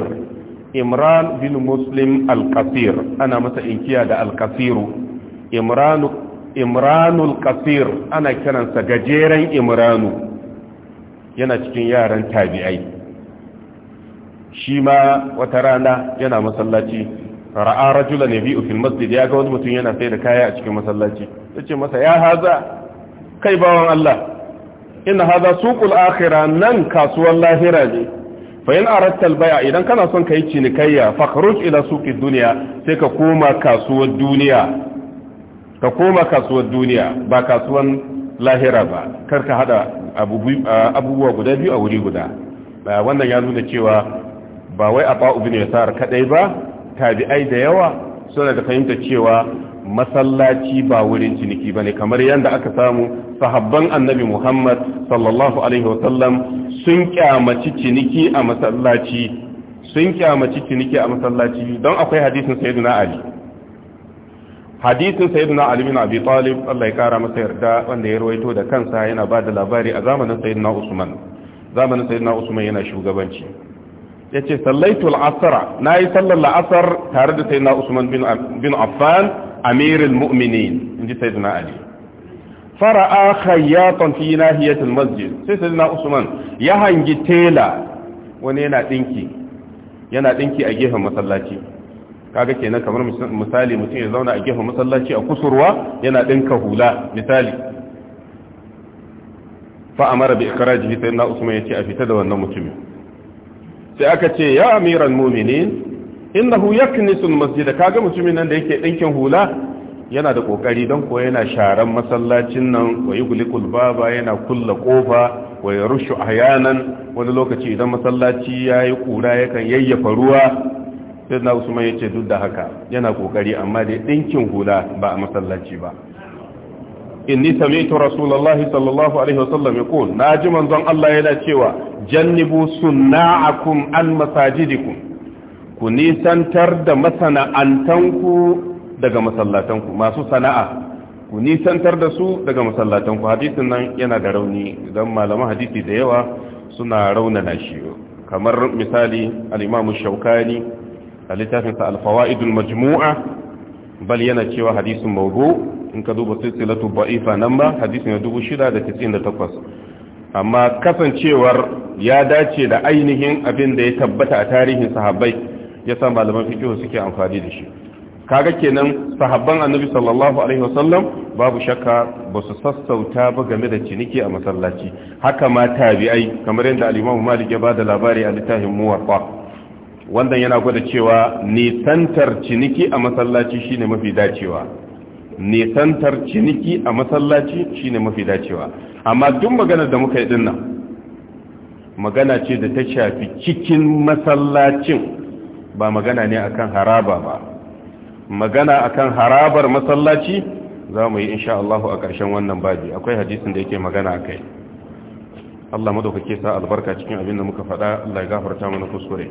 Speaker 1: imran bin muslim al-qasir ana masa inkiya da al-qasiru imranul Kasir ana kiransa gajeren imranu yana cikin yaran tabi'ai shi ma wata rana yana masallaci ra'a rajula ne biyu fil masjid ya ga wani mutum yana sai da kaya a cikin masallaci ya ce masa ya haza kai bawan Allah ina haza suƙul akhira nan kasuwan lahira ne fa in aradta baya idan kana son kai cinikayya fakhruj ila suqid dunya sai ka koma kasuwar duniya ka koma kasuwar duniya ba kasuwan lahira ba kar ka hada abubuwa guda biyu a wuri guda wannan ya nuna cewa ba wai a ba'u bin yasar kadai ba tabi'ai da yawa suna da fahimta cewa masallaci ba wurin ciniki bane kamar yanda aka samu sahabban annabi Muhammad sallallahu alaihi wasallam sun kyamaci ciniki a masallaci sun kyamaci ciniki a masallaci don akwai hadisin sayyidina Ali hadisin sayyidina Ali bin Abi Talib Allah ya kara masa yarda wanda ya rawaito da kansa yana ba da labari a zamanin sayyidina Usman zamanin sayyidina Usman yana shugabanci yace sallaitu al-asr nayi sallar al-asr tare da sayyidina Usman bin bin Affan amirul mu'minin inji sayyidina Ali fara'a khayyatan fi nahiyatil masjid sai sayyidina usman ya hangi tela wani yana dinki yana dinki a gefen masallaci kaga kenan kamar misali mutum ya zauna a gefen masallaci a kusurwa yana dinka hula misali fa amara bi ikrajihi sayyidina usman yace a fita da wannan mutumin sai aka ce ya amiran mu'minin innahu yaknisu al-masjid kaga mutumin nan da yake dinkin hula yana da kokari don ko yana sharan masallacin nan wa gulikul baba yana kulla kofa wa yarushu ayanan wani lokaci idan masallaci yayi kura yakan yayyafa ruwa sai na usman yace duk da haka yana kokari amma dai dinkin hula ba a masallaci ba inni sami'tu rasulullahi sallallahu alaihi wasallam na ji manzon Allah yana cewa jannibu sunna'akum an masajidikum ku nisantar da masana'antanku daga masallatanku masu sana'a ku nisantar da su daga masallatanku hadisin nan yana da rauni don malaman hadisi da yawa suna raunana shi kamar misali al'imamu shaukani a littafinsa alfawa'idul majmu'a bal yana cewa hadisin mawdu in ka duba silsilatu ba'ifa nan ba hadisin 698 amma kasancewar ya dace da ainihin abin da ya tabbata a tarihin sahabbai ya malaman fikihu suke amfani da shi kaga kenan sahabban annabi sallallahu alaihi wasallam babu shakka ba su sassauta ba game da ciniki a masallaci haka ma tabi'ai kamar yadda al-imamu malik ya bada labari a littafin muwaffa wannan yana gwada cewa nisantar ciniki a masallaci shine mafi dacewa nisantar ciniki a masallaci shine mafi dacewa amma duk maganar da muka yi dinnan magana ce da ta shafi cikin masallacin ba magana ne akan haraba ba magana akan harabar masallaci za mu yi insha Allah a ƙarshen wannan baji akwai hadisin da yake magana akai Allah madaukake sa albarka cikin abin da muka faɗa Allah ya gafarta mana kuskure